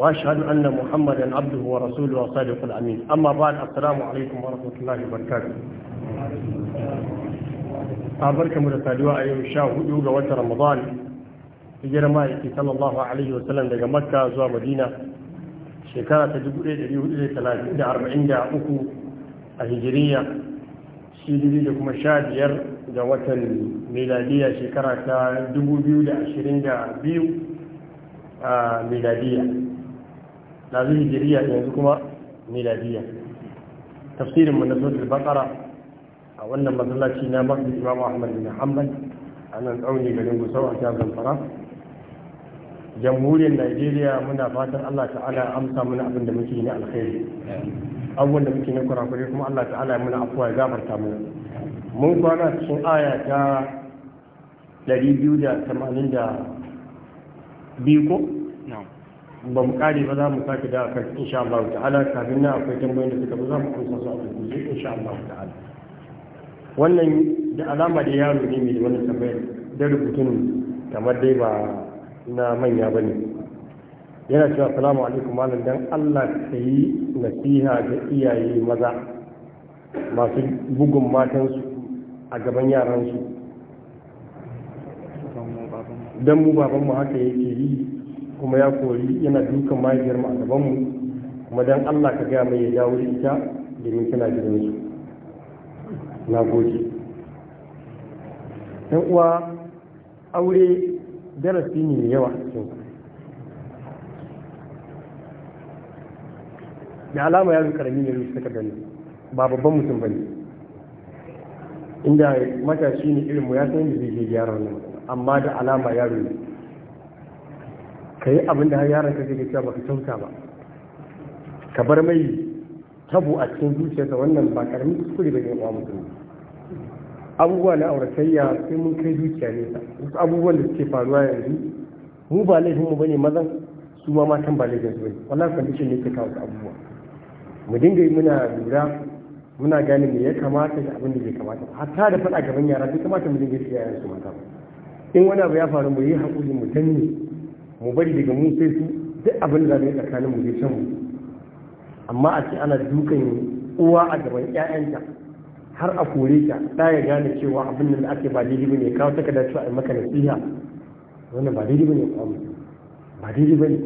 واشهد ان محمدا عبده ورسوله وصادق الامين اما بعد السلام عليكم ورحمه الله وبركاته أبركم da saduwa a yau sha hudu ga watan Ramadan girma yake sallallahu alaihi wa sallam daga Makka zuwa Madina shekara ta 1443 a Hijriya shi dubi da kuma sha biyar ga watan Miladiya shekara ta 2022 a Miladiya da hijiriya yanzu kuma miladiya tafsirin mu na suratul baqara a wannan matsalaci na masjid imam ahmad bin hanbal a nan tsauni garin gusau a jihar zamfara jamhuriyar najeriya muna fatan allah ta'ala amsa mana abin da muke na alkhairi abubuwan da muke na kurakure kuma allah ta'ala ya muna afuwa ya gafarta mu. mun kwana cikin aya ta 282 ko? ba mu kare ba za mu sake da in sha Allah ta'ala kafin na akwai tambayoyi da suka za mu kusa su a in sha Allah ta'ala wannan da alama da yaro ne mai wannan tambayar da rubutun kamar dai ba na manya ba ne yana cewa salamu alaikum malam dan Allah ka yi nasiha ga iyaye maza masu bugun matansu a gaban yaransu don mu babanmu haka yake yi kuma ya kori yana dukan mahaifiyar mu a gaban mu kuma dan Allah ka gaya mai ya dawo da ita domin kina gidan su na gode dan uwa aure darasi ne mai yawa cikin da alama ya zo karami ne rubuta takardar nan ba babban mutum ba ne inda matashi ne irin mu ya san yadda zai je gyara wannan amma da alama ya rubuta ka yi abin da har yaran ka zai cewa ka kyauta ba ka bar mai tabo a cikin zuciyarsa wannan ba karamin kuskure ne uwa mutum abubuwa na auratayya sai mun kai zuciya nesa wasu abubuwan da suke faruwa yanzu mu ba laifin mu bane mazan su ma matan ba laifin su bane wallahi condition ne ke kawo abubuwa mu dinga yi muna lura muna gane me ya kamata da abin da bai kamata ba hatta da faɗa gaban yara bai kamata mu dinga shi yaran su mata ba in wani abu ya faru mu yi haƙuri mu danne mu bari daga mu sai su duk abin da zai tsakanin mu zai can mu amma a ce ana dukan uwa a gaban ƴaƴanta har a kore ta ta ya gane cewa abin da ake ba daidai bane kawo takarda cewa ai maka nasiha wannan ba daidai bane kuma ba daidai bane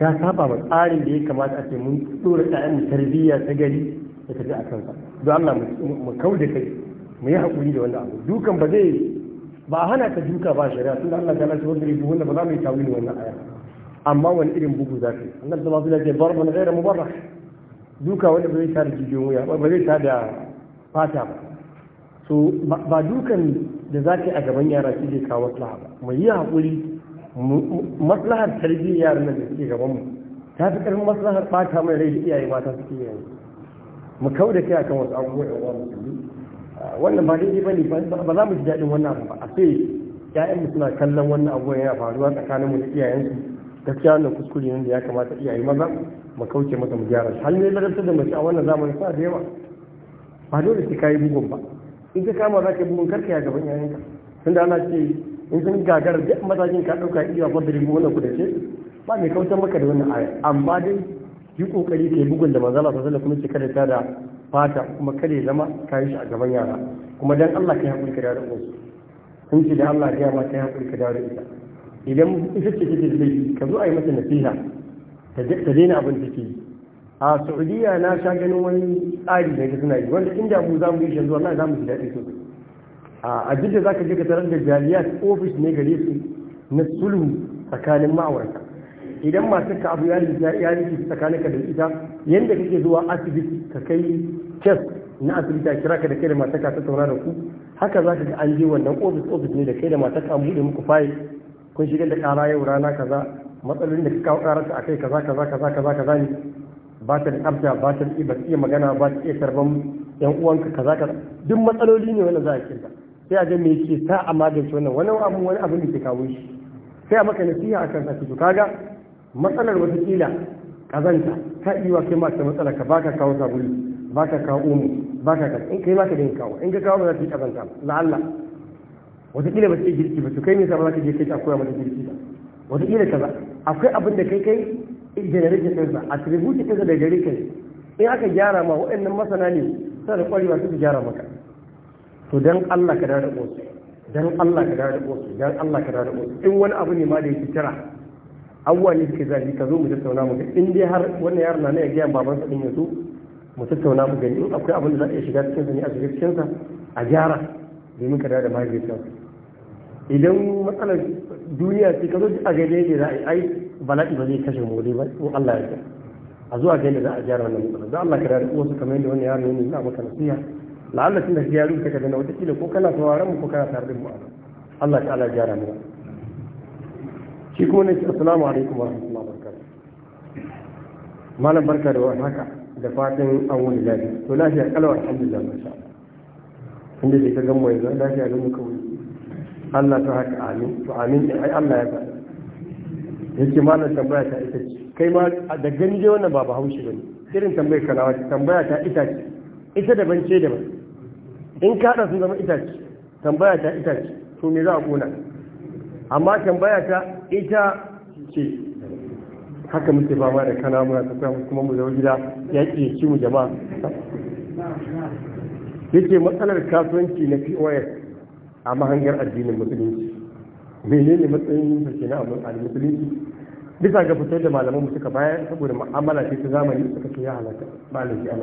ya saba ma tsarin da ya kamata a ce mun dora ƴaƴan mu tarbiyya ta gari da tafi a kansa don Allah mu kau da kai mu yi haƙuri da wannan abu dukan ba zai ba hana ka duka ba shari'a tun Allah ta lati wanda ribu wanda ba za mu yi tawili wannan aya amma wani irin bugu za ka yi annabi sallallahu alaihi wasallam ya barba na gaira mubarrah duka wanda ba zai ta da jijiyoyin wuya ba zai ta da fata ba so ba dukan da za ka yi a gaban yara shi zai kawo maslaha ba mu yi haƙuri maslahar tarbiyyar yaran nan da suke gaban mu ta fi ƙarfin maslahar ɓata mai rai da iyaye mata suke yanzu mu kau da kai akan wasu abubuwa da uwa wannan ba daidai ba ne ba za mu ji daɗin wannan abu ba a ce ‘ya'yanmu suna kallon wannan abu yana faruwa mu da iyayensu gaskiya wannan kuskure ne da ya kamata iyaye maza mu kauce masa mu gyara shi hanyoyin ne ladabtar da mace a wannan zamanin sa da yawa ba dole sai kayi bugun ba in ka kama za ka bugun karka ya gaban yayanka tun da ana ce in sun gagara duk matakin ka ɗauka iya fadari mu wannan ce ba mai kautar maka da wannan aya amma dai yi kokari ka yi bugun da manzala sallallahu alaihi kuma ce kada ta da fata kuma kada ya zama ka yi shi a gaban yara kuma dan Allah ka yi haƙuri ka dawo uwansu sun ce da Allah ya ma ka yi haƙuri ka dawo ita idan ita ce take da laifi ka zo a yi mata nasiha ta daina abin da take a saudiya na sha ganin wani tsari da suna yi wanda inda mu za mu yi shi wallahi za mu ji daɗi sosai a jidda za ka je ka tarar da jaliyat ofis ne gare su na sulhu tsakanin ma'aurata idan matar ka abu ya riki tsakaninka da ita yadda kake zuwa asibiti ka kai test na asibiti a kira ka da kai da matar ka ta tauna da ku haka za ka ga an je wannan ofis ofis ne da kai da matar ka an buɗe muku fayil kun shigar da ƙara yau rana kaza matsalolin da ka kawo ƙararsa a kai kaza kaza kaza kaza kaza ne ba ta da ba ta da iya magana ba ta iya karban yan uwanka kaza kaza duk matsaloli ne wanda za a kirga sai a ga me yake sa a magance wannan wani abu wani abu ne ke kawo shi sai a maka nasiha akan sa to kaga matsalar watakila kazanta ta iya wa kai ta matsala ka baka kawo sabuli baka kawo umu baka ka in kai maka ka dinga kawo in ka kawo ba za ta yi kazanta la'alla watakila ba sai girki ba su kai nisa ba za ka je kai ta koya mata girki ba watakila kaza akwai abin da kai kai generation a attribute ɗinsa da gari kai in aka gyara ma waɗannan masana ne sai da kwarewa su gyara maka to dan Allah ka dawo da ƙosu dan Allah ka dawo da ƙosu dan Allah ka dawo da ƙosu in wani abu ne ma da yake kira abubuwa ne suke zafi ka zo mu tattauna mu in dai har wannan yaron na ne ya gaya baban sa din ya zo mu tattauna mu gani in akwai abin da za a iya shiga cikin sa ne a shiga cikin sa a gyara domin ka da mahaifiyarsa idan matsalar duniya ce ka zo a gaida da za a yi ai bala'i ba zai kashe mu ba in Allah ya yarda a zuwa gaida za a gyara wannan matsalar da Allah ka da wasu kamar yadda wannan yaron ne na maka nasiha la'alla tun da ya rubuta ka da wata kila ko kana tawaran mu ko kana tare da mu Allah ta'ala ya gyara mu shi kuma ne assalamu alaikum wa rahmatullahi wa barakatuh malam barka da haka da fatan an wani lafiya to lafiya kalawar alhamdulillah masha inda dai ka gamo yanzu lafiya ga muka wuri Allah ta haka amin to amin din ai Allah ya ba yake malam tambaya ta ita ce kai ma da gani dai wannan ba bahaushe bane irin tambayar kalawa tambaya ta ita ce ita daban ce daban in ka sun zama ita ce. tambaya ta ita ce. to me za a kona amma tambaya ta ita ce haka muke fama da kana muna ta samu kuma mu zama gida ya ke ci mu jama'a yake matsalar kasuwanci na POS a mahangar addinin musulunci menene matsayin sa na a musulunci bisa ga fitar da malaman suka bayar saboda ma'amala ce ta zamani suka ce ya halatta ba laifi ana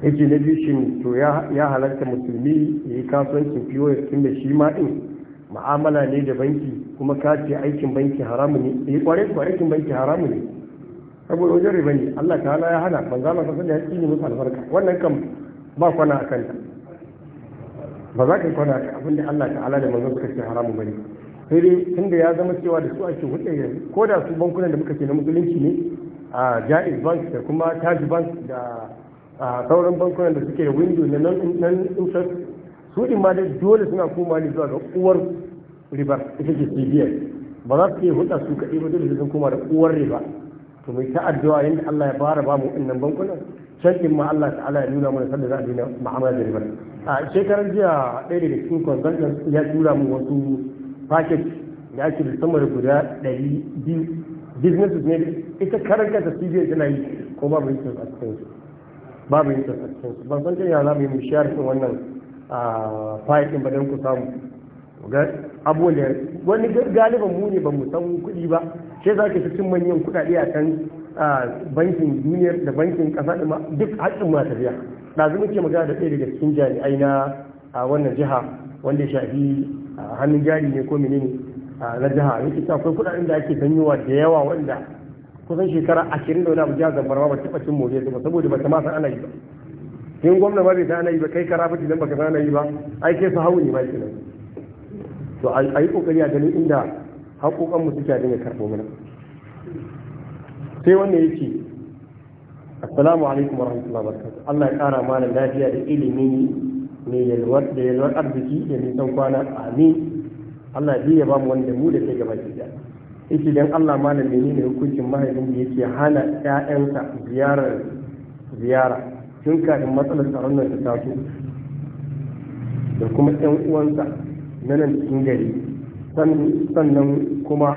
yake na biyu shi to ya halatta musulmi ya yi kasuwancin pos tun da shi ma in ma'amala ne da banki kuma ka ce aikin banki haramu ne yi kware ko aikin banki haramu ne saboda wajen riba ne Allah ta'ala ya hana ban za mu san da ya ne musu albarka wannan kam ba kwana a kanta ba za ka yi kwana a abin da Allah ta'ala da manzon suka ce haramu bane sai dai tunda ya zama cewa da su ake hulɗa yanzu ko da su bankunan da muka ce na musulunci ne a Jaiz Bank da kuma Taj Bank da sauran bankunan da suke da window na non interest su din ma dai dole suna koma ne zuwa ga uwar ribar ita ce cibiyar ba za su iya hulɗa su kaɗai ba dole sun koma da uwar riba to mai ta addu'a yadda Allah ya fara ba mu wannan bankunan can din ma Allah ta'ala ya nuna mana sanda za a daina ma'amala da ribar a shekaran jiya ɗaya daga cikin consultants ya tura mu wasu paket da ake da sama da guda ɗari biyu businesses ne ita karan kanta cibiyar tana yi ko babu yin a cikin su babu yin a cikin su ban san kan ya za mu yi mu share wannan fayil ɗin ba don ku samu abubuwan da wani galiban mu ne ba mu san kuɗi ba sai za ka cin manyan kuɗaɗe a kan bankin duniyar da bankin ƙasa duk haƙƙin ma tafiya ɗazu muke magana da ɗaya daga cikin jami'ai na wannan jiha wanda ya shafi hannun jari ne ko menene na jiha yake ta akwai kuɗaɗen da ake sanyowa da yawa wanda kusan shekara ashirin da wani abu jihar zamfara ba taɓa cin moriyar ba saboda ba ta ma san ana yi ba in gwamna ba bai ta ana yi ba kai karafaci don baka san ana yi ba ai kai su hau ne ba kenan to a yi kokari a ganin inda haƙoƙan mu suke dinga karɓo mana sai wannan yake assalamu alaikum warahmatullahi wabarakatuh Allah ya ƙara mana lafiya da ilimi mai yalwar da yalwar arziki da nisan kwana amin Allah ya ba mu wanda mu da kai gaba ki da yake dan Allah ne ne hukuncin mahaifin da yake hana ƴaƴansa ziyarar ziyara tun kafin matsalar tsaron nan ta taso da kuma ƴan uwansa na nan cikin gari sannan kuma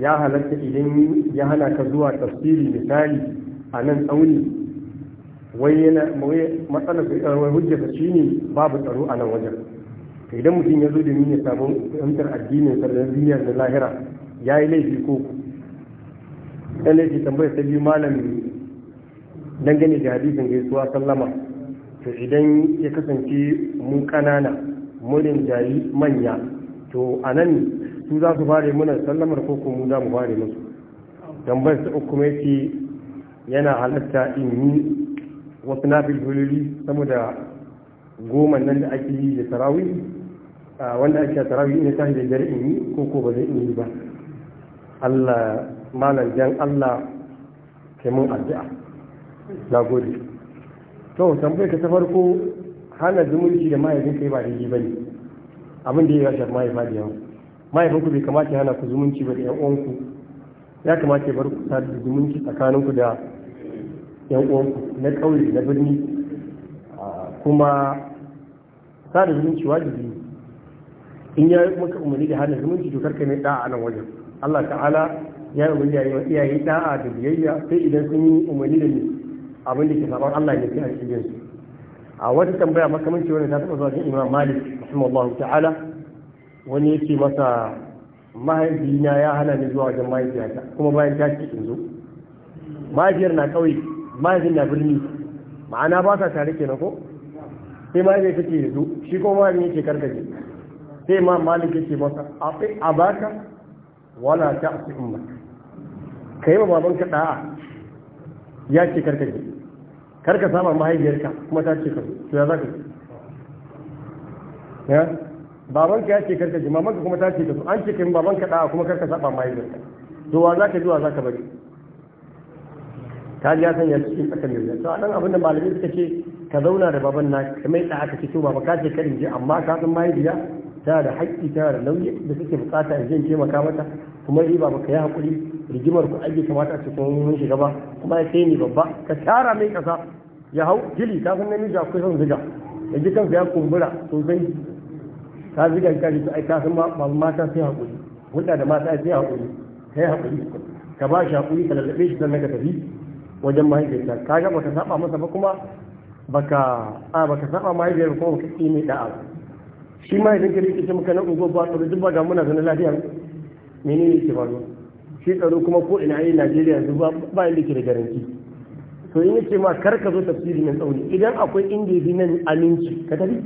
ya halarta idan ya hana ka zuwa tafsiri misali a nan tsauni wai yana matsalar wai hujjata shi ne babu tsaro a nan wajen idan mutum ya zo da ya samu fahimtar addinin sannan duniyar da lahira ya yi laifi ko ɗan laifi tambayar ta biyu malam dangane da hadisin gaisuwa sallama to idan ya kasance mun ƙanana murin yi manya to a nan su za su fare muna sallamar ko kuma za mu fare musu tambayar ta uku mai ce yana halatta in yi wasu na filfiloli sama da goma nan da ake yi da sarawi wanda ake sarawi ina ta da dare in yi ko ba zai in yi ba Allah malam jan Allah kai mun addu'a na gode to ta farko hana zumunci da mahaifin kai ba daidai bane abin da ya shafi mahaifa da yawa mahaifin ku bai kamata ya hana ku zumunci ba da yan uwanku ya kamata ya bar ku sadu da zumunci tsakaninku da yan uwanku na ƙauye na birni kuma sada zumunci wajibi in ya maka umarni da hana zumunci to karka mai da'a nan wajen Allah ta'ala ya yi umarni da iyaye da'a da biyayya sai idan sun yi umarni da abin da ke sabon Allah ne sai a cikin su a wata tambaya makamanci wani ta taba zuwa ga imam malik rahimahullahu ta'ala wani yake masa mahaifina ya hana ni zuwa wajen mahaifiyata kuma bayan ta ce in zo mahaifiyar na ƙauye mahaifin na birni ma'ana ba sa tare kenan ko sai mahaifiyar ta ce zo shi kuma mahaifin yake karkace sai ma malik yake masa a baka wala ta su umma ka yi ma babanka da'a ya ce karkace kar ka saba mahaifiyarka kuma ta ce ka to ya zaka ya babanka ya ce kar ka ji mamanka kuma ta ce ka an ce kin babanka da kuma kar ka saba mahaifiyarka to wa zaka ji wa zaka bari ka ji ya sanya cikin tsakan yau to dan abin da malami suka ce ka zauna da baban na ka mai da aka ce to baba ka ce karin ji amma ka san mahaifiya ta da haƙƙi ta da nauyi da suke bukata in zan taimaka mata kuma riba ba ka yi haƙuri rigimar ku aiki kamata ce kuma mun shiga ba kuma ya kai ni babba ka tara mai ƙasa ya hau jili ta san namiji akwai son ziga ya ji kansa ya kumbura sosai ta ziga ka ji ai ka san mata sai haƙuri hulɗa da mata sai haƙuri yi haƙuri ka ba shi haƙuri ka lalabe shi sannan ka tafi wajen mahaifiyarsa ka ga ka saba masa ba kuma baka a baka saba mahaifiyar kuma ka ƙi mai da'a shi ma idan ka rikice maka na ungo ba tsaro duk ba da muna zanen lafiya Menene ne ke faruwa shi tsaro kuma ko ina yi najeriya yanzu ba yadda ke da garanti to in yace ma kar ka zo tafsiri nan tsauni idan akwai inda na nan aminci ka tafi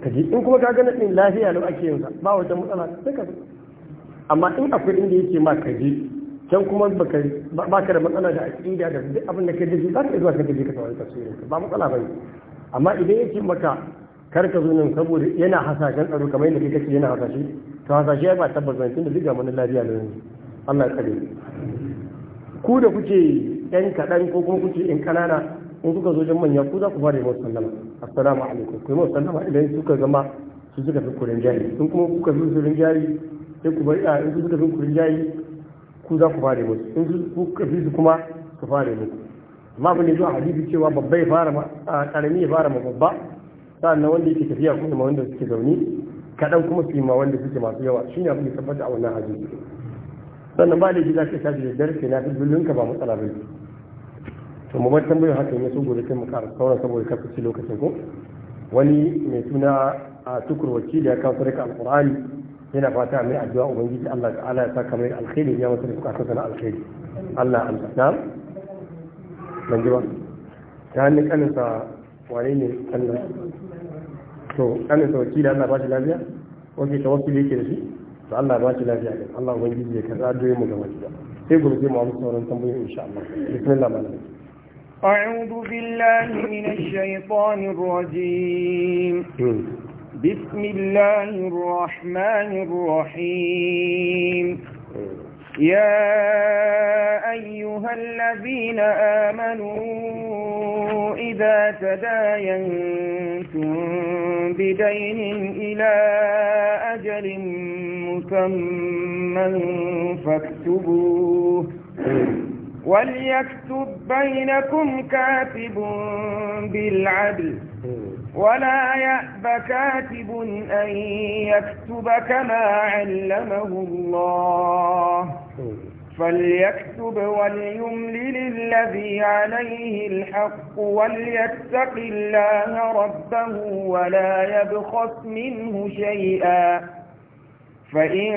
ka ji in kuma ka ga nan lafiya lau ake yin ba wata matsala sai ka amma in akwai inda yake ma ka je can kuma ba ka da matsala da aƙida da duk abin da ka je za ka zuwa ka je ka tawari tafsirin ba matsala ba ne amma idan yake maka kar ka zo nan saboda yana hasashen tsaro kamar yadda kake yana hasashe to hasashe ba tabbas bane tunda diga mana lafiya da yanzu Allah ya kare ku da kuke yan kaɗan ko kuma kuke yan ƙanana, in kuka zo jan manya ku za ku fara yi masu sallama assalamu alaikum ku yi masu sallama idan suka zama su suka fi kurin jari in kuma kuka fi kurin jari sai ku bari a ah, in su suka fi kurin jari ku za ku fara yi masu in su kuka fi su kuma su fara yi masu amma abin da zuwa hadisi cewa babba ya fara ma a ah, karami ya fara ma babba sa'annan wanda yake tafiya kuma ma wanda suke zaune kaɗan kuma su ma wanda suke masu yawa shine abin da tabbata a wannan hadisi sannan ba laifi za ka tashi da darasi na dubbulin ka ba matsala ba to mu bar tambayar haka ya so gobe sai mu karanta. sauran saboda kafa ci lokacin ko wani mai suna a tukurwaci da ya kawo sadaka alqur'ani yana fata mai addu'a ubangiji Allah ta'ala ya saka mai alkhairi ya masa da bukatun na alkhairi Allah amsa na ban ji ba ta hannun sa wane ne kanin to kanin sa wakili Allah ba shi lafiya wani ta wakili yake da shi to Allah ba shi lafiya ne Allah ubangiji ya karɓa doyin mu ga wani sai gobe sai mu amsa sauran tambayoyi insha Allah bismillah malam أعوذ بالله من الشيطان الرجيم بسم الله الرحمن الرحيم يا أيها الذين آمنوا إذا تداينتم بدين إلى أجل مسمى فاكتبوه وليكتب بينكم كاتب بالعدل ولا يأب كاتب أن يكتب كما علمه الله فليكتب وليملل الذي عليه الحق وليتق الله ربه ولا يبخس منه شيئا فإن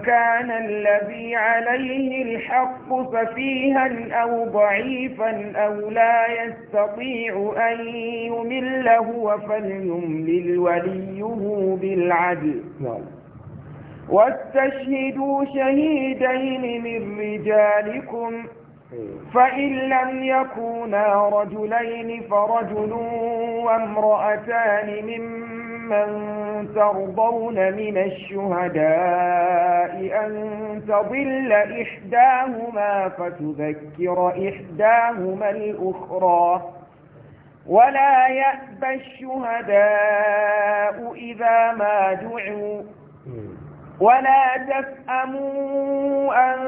كان الذي عليه الحق ففيها أو ضعيفا أو لا يستطيع أن يمل هو فليملل وليه بالعدل واستشهدوا شهيدين من رجالكم ۖ فإن لم يكونا رجلين فرجل وامرأتان ممن ترضون من الشهداء أن تضل إحداهما فتذكر إحداهما الأخرى ولا يأبى الشهداء إذا ما دعوا ولا تسأموا أن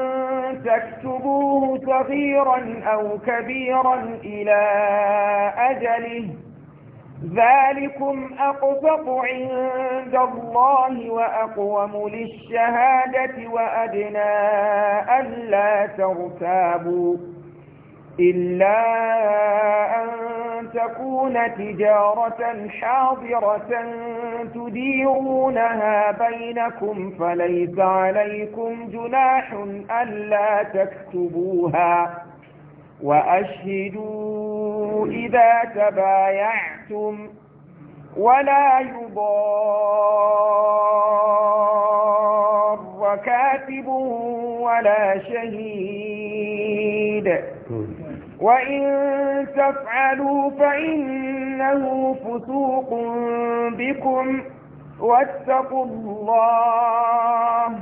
تكتبوه صغيرا أو كبيرا إلى أجله ذلكم أقفق عند الله وأقوم للشهادة وأدنى ألا ترتابوا إلا أن تكون تجارة حاضرة تديرونها بينكم فليس عليكم جناح ألا تكتبوها وأشهدوا إذا تبايعتم ولا يضار كاتب ولا شهيد وإن تفعلوا فإنه فسوق بكم واتقوا الله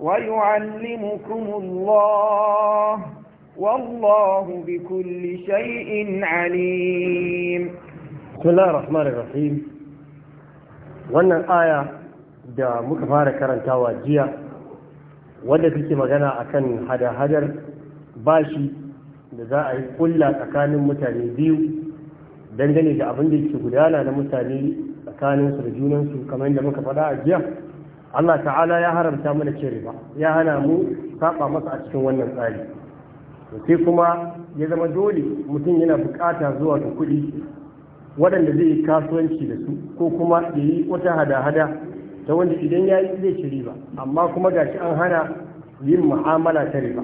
ويعلمكم الله والله بكل شيء عليم bismillahir rahmanir rahim wannan aya da muka fara karantawa jiya wadda take magana akan hada-hadar bashi da za a yi kulla tsakanin mutane biyu dangane da abin da ke gudana na mutane tsakanin su da junansu kamar yadda muka faɗa a jiya Allah ta'ala ya haramta mana ce ba ya hana mu saba masa a cikin wannan tsari sai kuma ya zama dole mutum yana bukata zuwa ga kuɗi waɗanda zai yi kasuwanci da su ko kuma ya yi wata hada-hada ta wanda idan ya yi zai ci riba amma kuma ga shi an hana yin mu'amala ta riba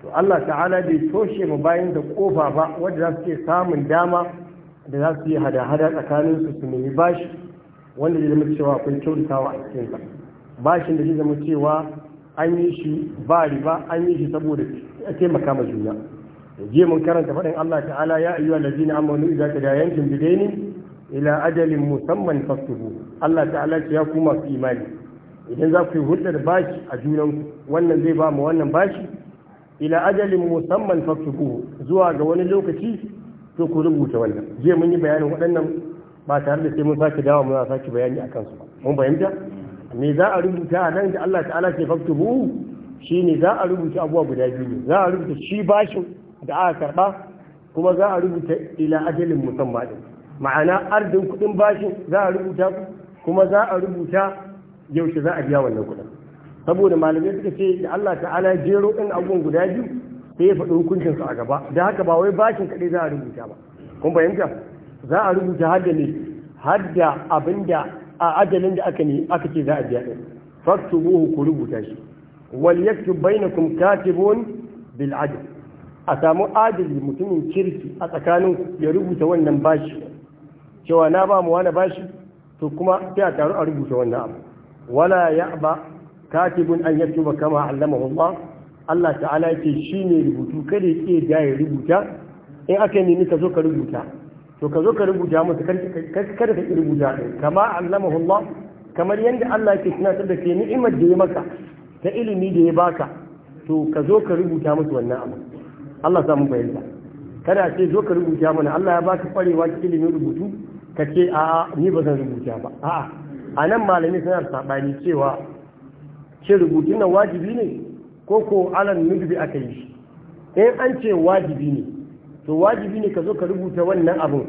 to Allah ta'ala bai toshe mu bayan da kofa ba wanda za su ke samun dama da za su yi hada-hada tsakanin su su nemi bashi wanda zai zama cewa akwai kyautatawa a cikin sa bashin da zai zama cewa an yi shi ba riba an yi shi saboda a taimaka ma juna je mun karanta faɗin Allah ta'ala ya ayyuha allazina amanu idza tadayantum bidaini ila ajalin musamman faktubu Allah ta'ala ce ya kuma su imani idan za ku yi hulɗar bashi a junan wannan zai ba mu wannan bashi ila ajalin musamman faktubu zuwa ga wani lokaci to ku rubuta wannan je mun yi bayanin waɗannan ba tare da sai mun sake dawo muna sake bayani akan su mun fahimta me za a rubuta a nan da Allah ta'ala ce faktubu shine za a rubuta abubuwa guda biyu za a rubuta shi bashin da aka karɓa kuma za a rubuta ila ajalin musamman din ma'ana ardin kuɗin bashin za a rubuta kuma za a rubuta yaushe za a biya wannan kuɗin saboda malamai suka ce da Allah ta'ala jero ɗin abubuwan guda biyu sai ya faɗi hukuncin su a gaba da haka ba wai bashin kaɗai za a rubuta ba kun fahimta za a rubuta hadda ne hadda abinda a ajalin da aka ne aka ce za a biya ɗin faktubuhu ku rubuta shi wal yaktub bainakum katibun bil adl a samu adali mutumin kirki a tsakanin ya rubuta wannan bashi cewa na ba mu wani bashi to kuma sai a taru a rubuta wannan abu wala ya ba katibun an ba kama Allama Allah Allah ta'ala yake ne rubutu kada yake da ya rubuta in aka nemi ka zo ka rubuta to ka zo ka rubuta musu kada ka rubuta ɗin kama Allama Allah kamar yadda Allah ke tunatar da ke ni'imar da ya maka ta ilimi da ya baka to ka zo ka rubuta musu wannan abu Allah samu fahimta kada a ce zo ka rubuta mana Allah ya baka kwarewa cikin ilimin rubutu ka ce a ni ba zan rubuta ba a'a a nan malami suna sabani cewa ce rubutun nan wajibi ne ko ko alan nudubi aka yi in an ce wajibi ne to wajibi ne ka zo ka rubuta wannan abin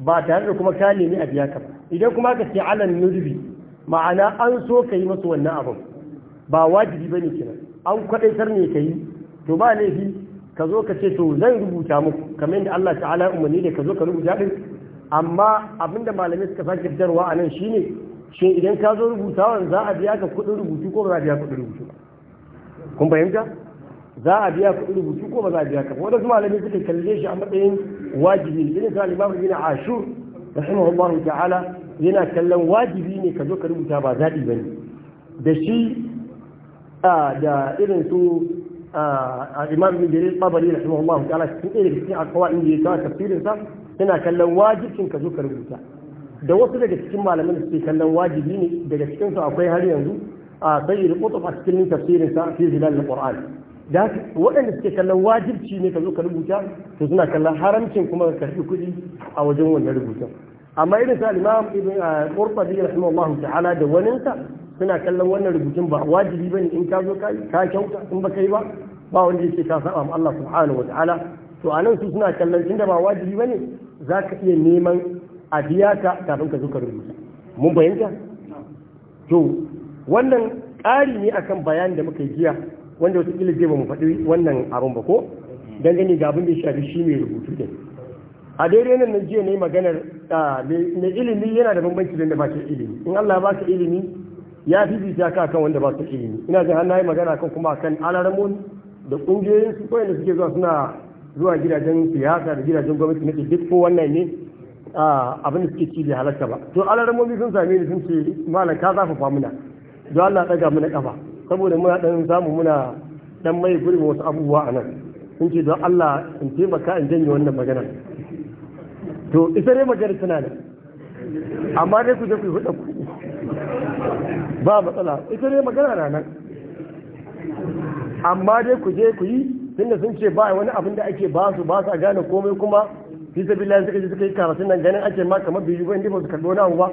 ba tare da kuma ka nemi a biya ka ba idan kuma ka ce alan nudubi ma'ana an so ka yi masa wannan abin, ba wajibi ba ne kenan an kwaɗaitar ne ka yi to ba laifi ka zo ka ce to zan rubuta muku kamar yadda Allah ta'ala ya umarni da ka zo ka rubuta din amma abinda malamai suka sake fitarwa a nan shine shin idan ka zo rubutawan za a biya ka kuɗin rubutu ko ba za a biya kuɗin rubutu kun fahimta za a biya kuɗin rubutu ko ba za a biya ka ba wadansu malamai suka kalle shi a matsayin wajibi ne. irin sa limamu bin ashur rahimahullahu ta'ala yana kallon wajibi ne ka zo ka rubuta ba zaɓi ba ne da shi da irin su imam ibn jarir tabari rahimahullahu ta'ala cikin ɗaya da cikin akawa inda ya kawo tafsirin sa yana kallon wajibcin ka zo ka rubuta da wasu daga cikin malamin da suke kallon wajibi ne daga cikin su akwai har yanzu a sayyid qutb a cikin tafsirin sa fi zilal alquran da waɗanda suke kallon wajibci ne ka zo ka rubuta to suna kallon haramcin kuma ka karɓi kuɗi a wajen wannan rubutun amma irin sa al-imam ibn qurtubi rahimahullahu ta'ala da waninsa suna kallon wannan rubutun ba wajibi bane in ka zo kai ka kyauta in ba kai ba ba wanda yake ka saba ma Allah subhanahu wataala to anan su suna kallon inda ba wajibi bane zaka iya neman a biya ka kafin ka zo ka rubuta mun bayyana to wannan ƙari ne akan bayanin da muka yi jiya wanda wataƙila zai ba mu faɗi wannan abun ba ko dangane ga abin da ya shafi shi mai rubutu da a daidai nan na jiya ne maganar ah, mai ilimi yana da bambanci da ba ke ilimi in Allah ba ka ilimi ya fifita ka kan wanda ba su ilimi ina jin har magana kan kuma kan alaramun da kungiyoyin su da suke zuwa suna zuwa gidajen siyasa da gidajen gwamnati na duk ko wannan ne abin da suke ci bai halarta ba to alaramomi sun same ni sun ce malam ka zafafa muna don Allah daga muna kafa saboda muna dan samu muna dan mai gurbin wasu abubuwa a nan sun ce don Allah in taimaka in janye wannan magana to ita dai magana tana nan amma dai ku je ku yi hudu ba matsala ita ne magana na nan amma dai ku je ku yi tunda sun ce ba wani abin da ake ba su ba sa gane komai kuma fi sabi lafi suka je suka yi karatun nan ganin ake ma kamar biyu ba inda ba su karɓo na ba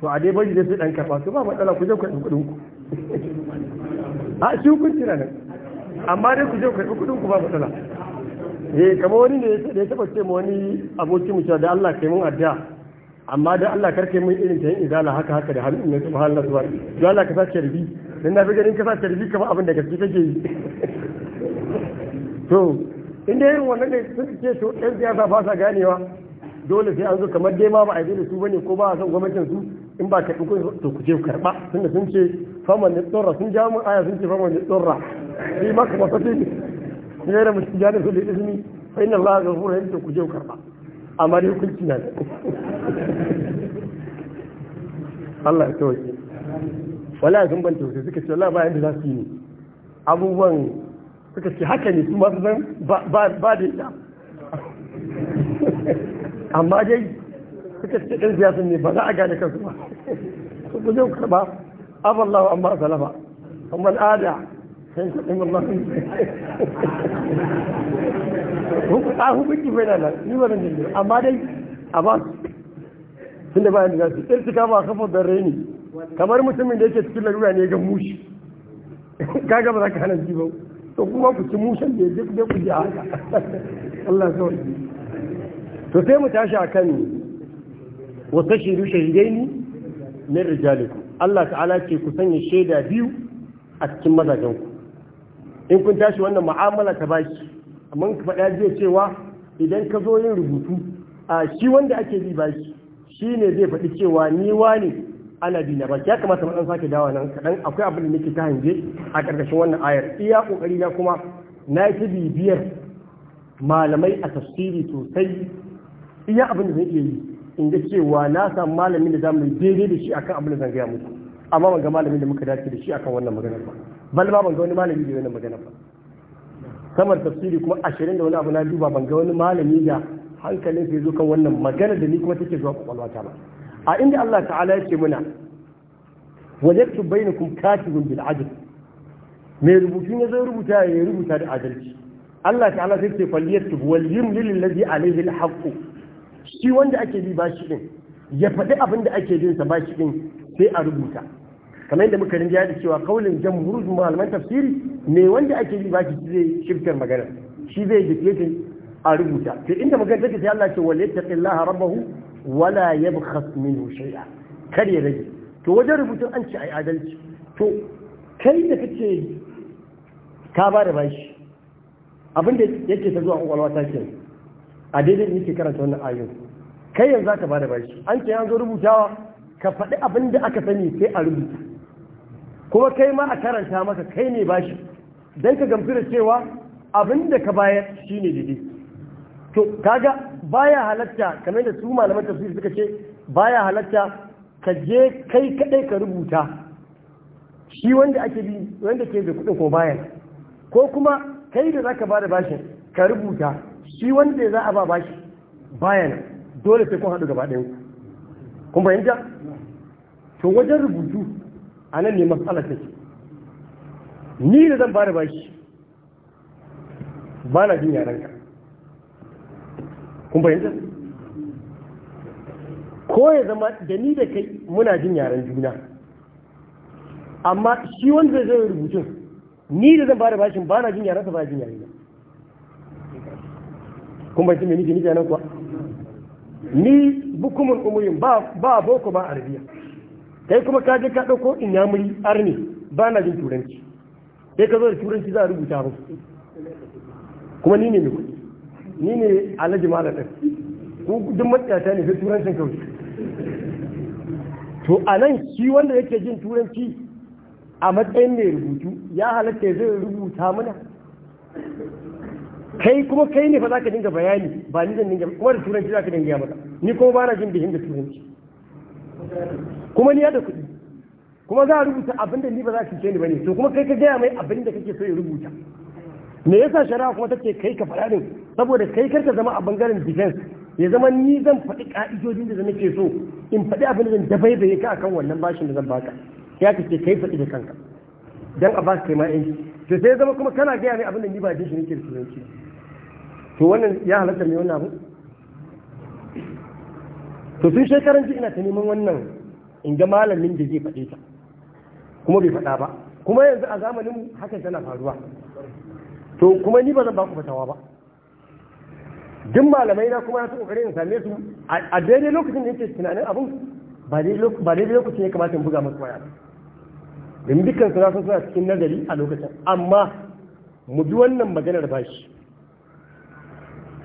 to a dai bari dai su dan karɓa su ba matsala ku je ku ɗan kuɗin ku a shi hukunci na nan amma dai ku je ku karɓi kuɗin ku ba matsala eh kamar wani ne ya taɓa ce ma wani abokin mu da Allah kai mun addu'a amma da Allah karke mun irin ta yin izala haka haka da hannun ne wa subhanallah don Allah ka sa rubi dan na fi ganin ka sa tarbi kamar abin da gaske ke yi to in dai irin wannan ne suka ce to ɗan siyasa ba sa ganewa dole sai an zo kamar dai ma ba a yi da su bane ko ba a son gwamnatin su in ba ka ko to ku je ku karɓa tunda sun ce faman ne tsorra sun ja mun aya sun ce faman ne tsorra sai ma kuma sai ne ne da mutum ya da su da izini fa inna Allah furu ne to ku je ku karɓa amma dai hukunci na Allah ya kawai wala sun ban tausayi suka ce wala ba da za su yi ne abubuwan suka ce haka ne su masu zan ba da ita amma dai suka ce ɗan siyasa ne ba za a gane kansu ba su ku zai karɓa aballahu amma salama amma al'ada sai kuɗin Allah a hukunci bai da da amma a kafa kamar mutumin da yake cikin larura ne ga mushi kaga ba za ka hana jibau to kuma ku ci mushen da duk da ku ji haka Allah ya wani to sai mu tashi akan wata shiru ne min rijalikum Allah ta'ala ke ku sanya shaida biyu a cikin mazajenku in kun tashi wannan mu'amala ta baki, amma ka faɗa jiya cewa idan ka zo yin rubutu a shi wanda ake bi baki shi ne zai faɗi cewa ni wani ana bi na baki ya kamata mu sake dawa nan kaɗan akwai abin da nake ta hange a ƙarƙashin wannan ayar iya ƙoƙari na kuma na yi bibiyar malamai a tafsiri sosai iya abin da zan iya yi in ga cewa na samu malamin da za mu daidai da shi akan abin da zan gaya muku amma ga malamin da muka dace da shi akan wannan maganar ba bal ban ga wani malami da wannan magana ba kamar tafsiri kuma ashirin da wani abu na duba ban ga wani malami da hankalin sai zo kan wannan magana da ni kuma take zuwa ta ba a inda Allah ta'ala yake muna wajadtu bainakum katibun bil adl mai rubutu ne zai rubuta ya rubuta da adalci Allah ta'ala sai ce falyatu wal yumlil ladhi alayhi al haqq shi wanda ake bi shi din ya faɗi abin da ake ba shi din sai a rubuta kamar yadda muka rinjaya da cewa kaulin jamhurul malaman tafsiri ne wanda ake yi baki zai shirkar magana shi zai dictate a rubuta to inda magana take sai Allah ce wal yattaqillaha rabbahu wala yabkhas minhu shay'a kar ya rage to wajen rubutun an ce ai adalci to kai da kace ka ba da bashi abin da yake ta zuwa kwakwalwa ta ce a daidai yake karanta wannan ayoyi kai yanzu ka ba da bashi an ce an zo rubutawa ka faɗi abin da aka sani sai a rubuta kuma kai ma a karanta maka kai ne bashi don ka gamsu da cewa abin da ka bayar shi ne daidai to kaga baya halatta kamar da su malaman tafsiri suka ce baya halatta ka je kai kadai ka rubuta shi wanda ake bi wanda ke da kuɗin ko bayan ko kuma kai da za ka ba da bashin ka rubuta shi wanda za a ba bashi bayan dole sai kun haɗu gaba ɗayan kun fahimta to wajen rubutu a nan ne matsala ce ni da zan bada bashi ba na jin yaranka kun fahimta ko ya zama da ni da kai muna jin yaren juna amma shi wanda zai rubutun ni da zan bada bashin ba na jin yaransa ba jin yarena kun bai mai nike nike nan kuwa ni bukumin umurin ba boko ba arabiya kai kuma ka je ka ɗauko inyamuri arni ba na jin turanci sai ka zo da turanci za a rubuta ba kuma ni ne ne kuɗi ni ne alhaji malamin ko duk matsayata ne sai turancin kawai to a nan shi wanda yake jin turanci a matsayin mai rubutu ya halatta ya zai rubuta mana kai kuma kai ne fa za ka dinga bayani ba ni zan dinga kuma da turanci za ka dinga maka ni kuma ba na jin bihin da turanci kuma ni da kuɗi kuma za a rubuta abin da ni ba za a cuce ni ba ne to kuma kai ka gaya mai abin da kake so ya rubuta me yasa shari'a kuma take kai ka faɗa saboda kai karka zama a bangaren defense ya zama ni zan faɗi ka'idojin da nake so in faɗi abin da zan dabaibaye ka akan wannan bashin da zan baka ya kace kai faɗi da kanka dan a baka kai ma yanki to sai ya zama kuma kana gaya mai abin da ni ba din nake da to wannan ya halatta mai wannan abu to tun shekaran ina ta neman wannan in ga malamin da zai faɗe ta kuma bai faɗa ba kuma yanzu a zamanin hakan tana faruwa to kuma ni ba zan ba ku fatawa ba duk malamai na kuma su kokarin same su a daidai lokacin da yake tunanin abin ba daidai lokacin ya kamata in buga masu waya domin dukkan su sun suna cikin nazari a lokacin amma mu bi wannan maganar bashi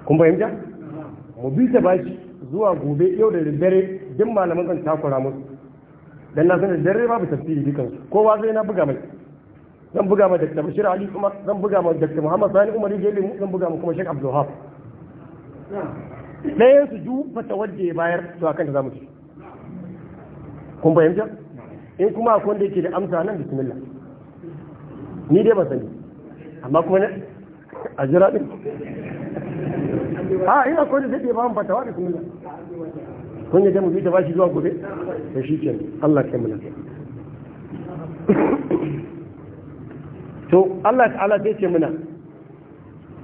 kun fahimta mu bi ta bashi zuwa gobe yau da dare duk malaman kan takura musu dan na san da dare babu tafsiri dukan kowa zai na buga mai zan buga mai Dr. Bashir Ali Umar zan buga mai Dr. Muhammad Sani Umar Jeli zan buga mai kuma Sheikh Abdul Wahab ɗayan su ju fata wadda ya bayar to akan da zamu ci kun bayyana in kuma akwai wanda yake da amsa nan bismillah ni dai ba sani amma kuma a jira din a ina akwai da zai ba mu fatawa da kuma kun yi mu bi da bashi zuwa gobe da shi ke Allah kai mana. to Allah ta'ala zai ce muna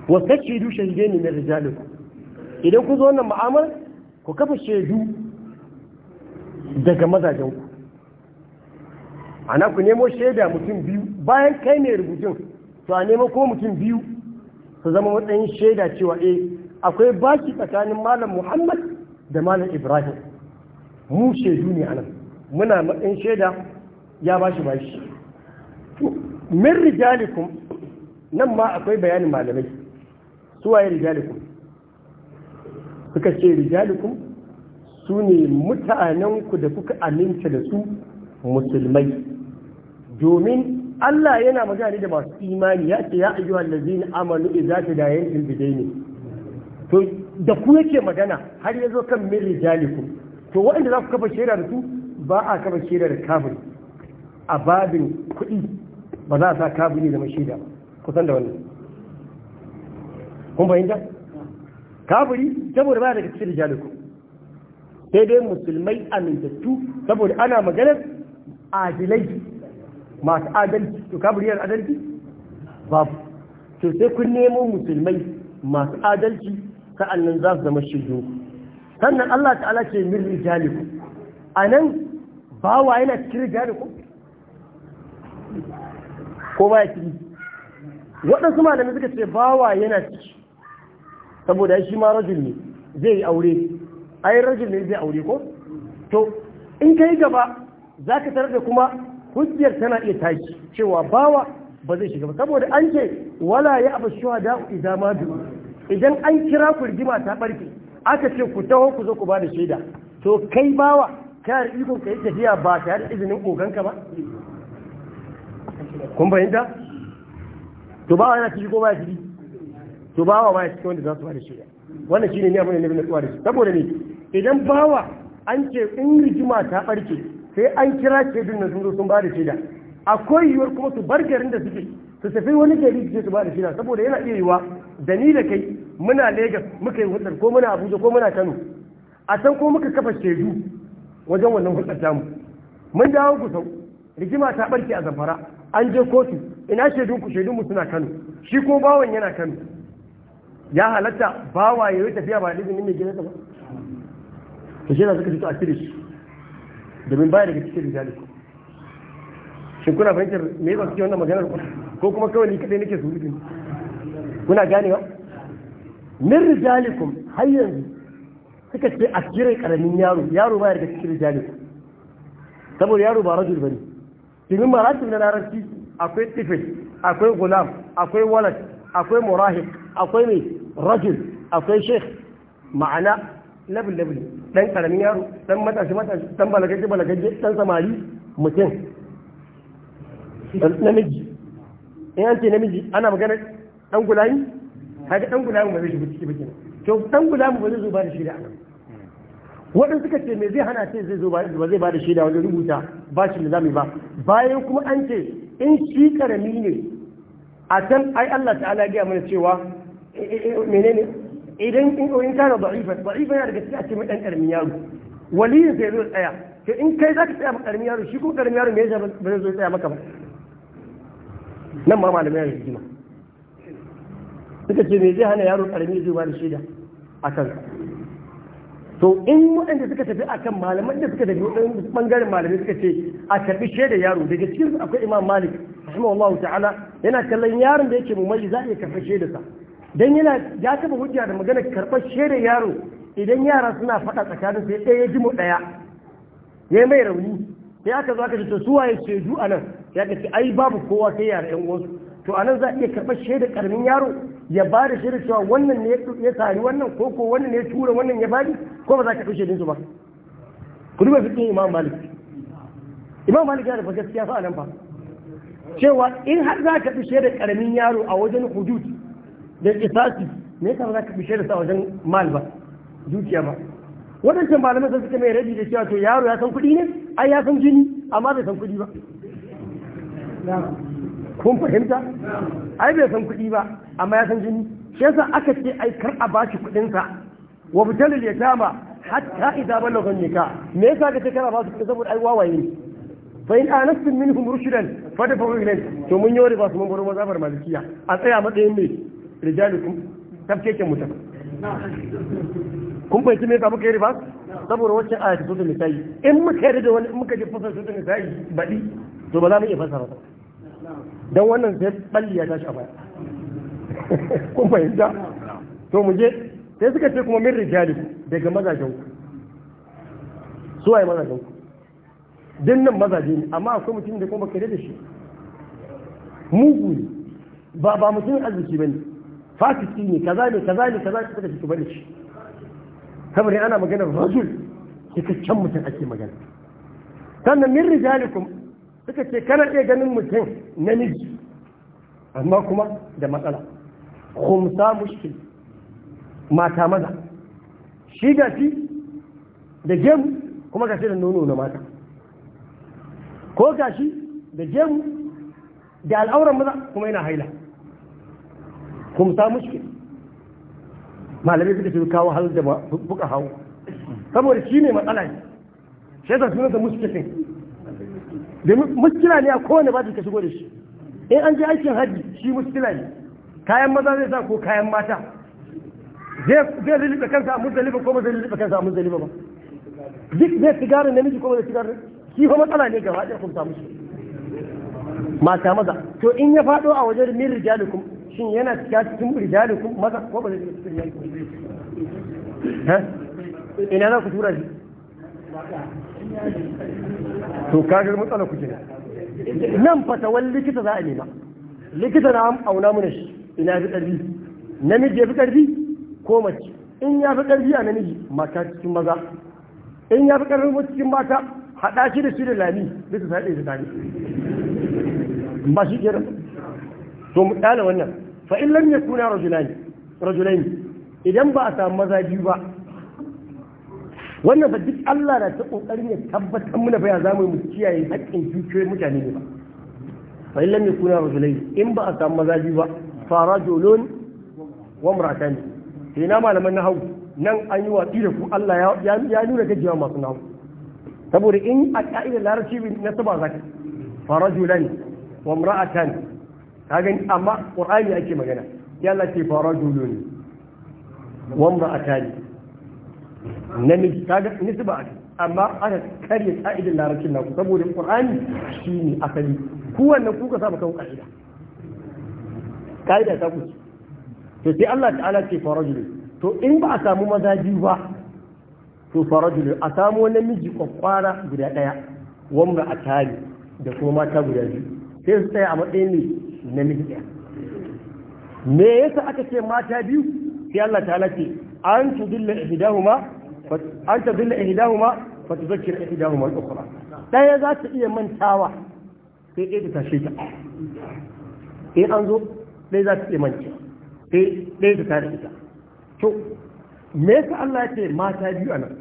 wa tashidu shahidaini min rijalikum idan ku zo wannan mu'amala ku kafa shaidu daga ku ana ku nemo shaida mutum biyu bayan kai ne rubutun to a nemo ko mutum biyu su zama matsayin shaida cewa eh akwai baki tsakanin malam muhammad da malam ibrahim mu shaidu ne anan muna matsayin shaida ya bashi bashi min rijalikum nan ma akwai bayanin malamai suwaye rijalikum suka ce rijalikum su ne mutanenku da kuka aminta da su musulmai domin Allah yana magana da masu imani ya ce ya ayyuhal ladzina amanu idza tadayantum bidayni to da ku yake magana har ya zo kan min jaliku. to waɗanda za ku kafa shaida da su ba a kafa shaida da kafiri a babin kuɗi ba za a sa kafiri zama shaida ku kusan da wannan kun fahimta kafiri saboda ba daga cikin jaliku. sai dai musulmai amintattu saboda ana maganar adilai masu adalci to kafiri yana adalci babu to sai kun nemo musulmai masu adalci nan za su zama shaidu sannan Allah ta'ala ce min rijaliku a nan bawa yana cikin rijaliku ko ba ya ciki waɗansu malamai suka ce bawa yana ciki saboda shi ma rajin ne zai yi aure ai rajin ne zai aure ko to in ka yi gaba za ka tarar da kuma hujjar tana iya tashi cewa bawa ba zai shiga ba saboda an ce wala ya abu shuhada idan ma biyu idan an kira ku rigima ta barke aka ce ku taho ku zo ku ba da shaida to kai bawa ka yi ikon ka yi tafiya ba ta da izinin oganka ba kun fahimta to bawa yana ciki ko ba ciki to bawa ba ya ciki wanda za su ba da shaida wannan shine ne abin da nabi na da shi saboda ne idan bawa an ce in rigima ta barke sai an kira shaidun na zuru sun ba da shaida akwai yiwuwar kuma su bar garin da suke su tafi wani gari su su ba da shaida saboda yana iya yiwa da ni da kai muna Legas muka yi hulɗar ko muna Abuja ko muna Kano a san ko muka kafa shaidu wajen wannan hulɗar tamu mun dawo sau rigima ta barke a Zamfara an je kotu ina shaidun ku shaidun mu suna Kano shi ko bawan yana Kano ya halatta bawa yayi tafiya ba da izinin mai ta ba to shi na suka fito a cire domin baya daga cikin rijalikum shi kuna fahimtar me ba suke wannan maganar ko kuma kawai ni kadai nake surutu kuna ganewa min rijalikum har yanzu suka ce a cire karamin yaro yaro ba ya daga cikin rijalikum saboda yaro ba rajul bane domin maratu na larabci akwai tifil akwai gulam akwai walad akwai murahib akwai mai rajul akwai sheikh ma'ana labin labin dan karamin yaro dan matashi matashi dan balagaje balagaje dan samari mutum namiji in an ce namiji ana magana dan gulani kaga dan gulamu ba zai shiga ciki ba kenan to dan gulamu ba zai zo ba da shida anan waɗanda suka ce me zai hana ce zai zo ba zai ba da shaida wajen rubuta ba shi da zami ba bayan kuma an ce in shi karami ne a can ai Allah ta'ala ya mana cewa e, e, e, menene idan in in kana da'ifa da'ifa yana daga cikin a ce mai dan karamin yaro waliyin sai zo tsaya to in kai zaka tsaya maka karamin yaro shi ko karamin yaro me ba zai zo tsaya maka ba nan ma malamai ne hikima suka ce me zai hana yaro karami zai bada shaida a kan to in waɗanda suka tafi a kan malaman da suka tafi waɗanda ɓangaren malamai suka ce a karɓi shaida yaro daga cikin akwai imam malik rahimahullah ta'ala yana kallon yaron da yake mumayi za a iya karɓar sa dan yana ya taɓa hujja da magana karɓar shaidar yaro idan yara suna faɗa tsakanin sai ɗaya ya ji mu ɗaya ya mai rauni sai aka zo aka ce to su waye shaidu a nan ya ce ai babu kowa sai yara ƴan uwansu to a nan za a iya karɓar shaidar ƙaramin yaro ya ba da shaidar cewa wannan ne ya sari wannan ko ko wannan ne ya tura wannan ya bari ko ba za ka ɗauke shaidinsu ba ku duba fiƙin imam malik imam malik yana da fasa siyasa a nan fa cewa in har za ka bi shaidar ƙaramin yaro a wajen hudud da kisasi me yasa za ka bi shaidar sa a wajen mal ba dukiya ba waɗancan malamai sun suka mai rabi da cewa to yaro ya san kuɗi ne ai ya san jini amma bai san kuɗi ba kun fahimta ai bai san kuɗi ba amma ya san jini shi yasa aka ce ai kar a bashi kuɗin sa wa fitalil yatama hatta idza balagha nika me yasa ka ce kana ba su kuɗi saboda ai wawaye ne fa in anastum minhum rushdan fa ilayhim to mun yori ba su mun bar zafar malikiya a tsaya matsayin ne rijalukum tafkeken mutum kun fahimci me ka muka yi ba saboda wacce aya ta sura nisa'i in muka yi da wani in muka ji fasar sura nisa'i baɗi to ba za mu iya fasara ba don wannan sai tsalli ya tashi a baya kun fahimta to mu je sai suka ce kuma min rijali daga mazajen ku su waye mazajen ku nan mazaje ne amma akwai mutum da kuma baka da shi mugu ne ba ba mutum arziki bane fasiki ne kaza ne kaza ne kaza ne suka ci bane shi kamar ana magana rajul cikakken mutum ake magana sannan min rijalikum suka ce kana iya ganin mutum namiji amma kuma da matsala kumsa mushkil mata maza shi ga shi da gemu kuma ga shi da nono na mata ko ga shi da gemu da al'auran maza kuma yana haila Kumsa mushkil malamai suka ce kawo hal da buka hawo saboda shi ne matsala ne shi yasa sunansa mushkil ne domin muskila ne a kowane ba ka shigo da shi in an je aikin haji shi muskila ne kayan maza zai sa ko kayan mata zai lulluɓe kansa a muzdalifa ko ba zai lulluɓe kansa a liba ba duk zai sigarin namiji ko ba zai sigarin shi fa matsala ne ga ɗaya kuma samu shi mata maza to in ya faɗo a wajen min rijalikum shin yana cika cikin rijalikum maza ko ba zai cikin rijalikum ina za ku tura shi to kagar matsala kuke ne nan wani likita za a nema likita na auna mana shi ina fi ƙarfi. namiji ya fi ƙarfi ko mace in ya fi ƙarfi a namiji mata cikin maza in ya fi karfi cikin mata haɗa shi da shi da lami bisa sa ɗaya tsari ba shi kira to mu ɗana wannan fa in lam yakuna rajulani rajulain idan ba a samu maza biyu ba wannan fa duk Allah na ta kokarin ya tabbatar muna fa ya zamu mu kiyaye haƙƙin dukiyoyin mutane ne ba fa illam yakuna rajulain in ba a samu maza ba fa rajulun wa imra'atan sai na malaman na hau nan an yi watsi da ku Allah ya ya nuna gajiya masu nahu saboda in a ka'idar larabci na saba zaka fa rajulan wa imra'atan kaga amma qur'ani ake magana ya Allah ce fa rajulun wa imra'atan namiji kaga nisba ake amma aka karya ka'idar larabcin naku saboda qur'ani shine asali ku wannan ku ka saba kawo ka'ida ka'ida ta ku to sai Allah ta'ala ce farajul to in ba a samu maza biyu ba to farajul a samu wani miji kwakwara guda daya a atari da kuma mata guda biyu sai su tsaya a matsayin ne namiji daya me yasa aka ce mata biyu sai Allah ta'ala ce an tudilla ihdahuma an ta dilla ihdahuma fa tuzakkir ihdahuma al-ukhra daya za ta iya mantawa sai ɗaya ta tashe in an zo ɗaya za ta iya mantawa sai ɗaya ta tare ita me yasa Allah ya ce mata biyu a nan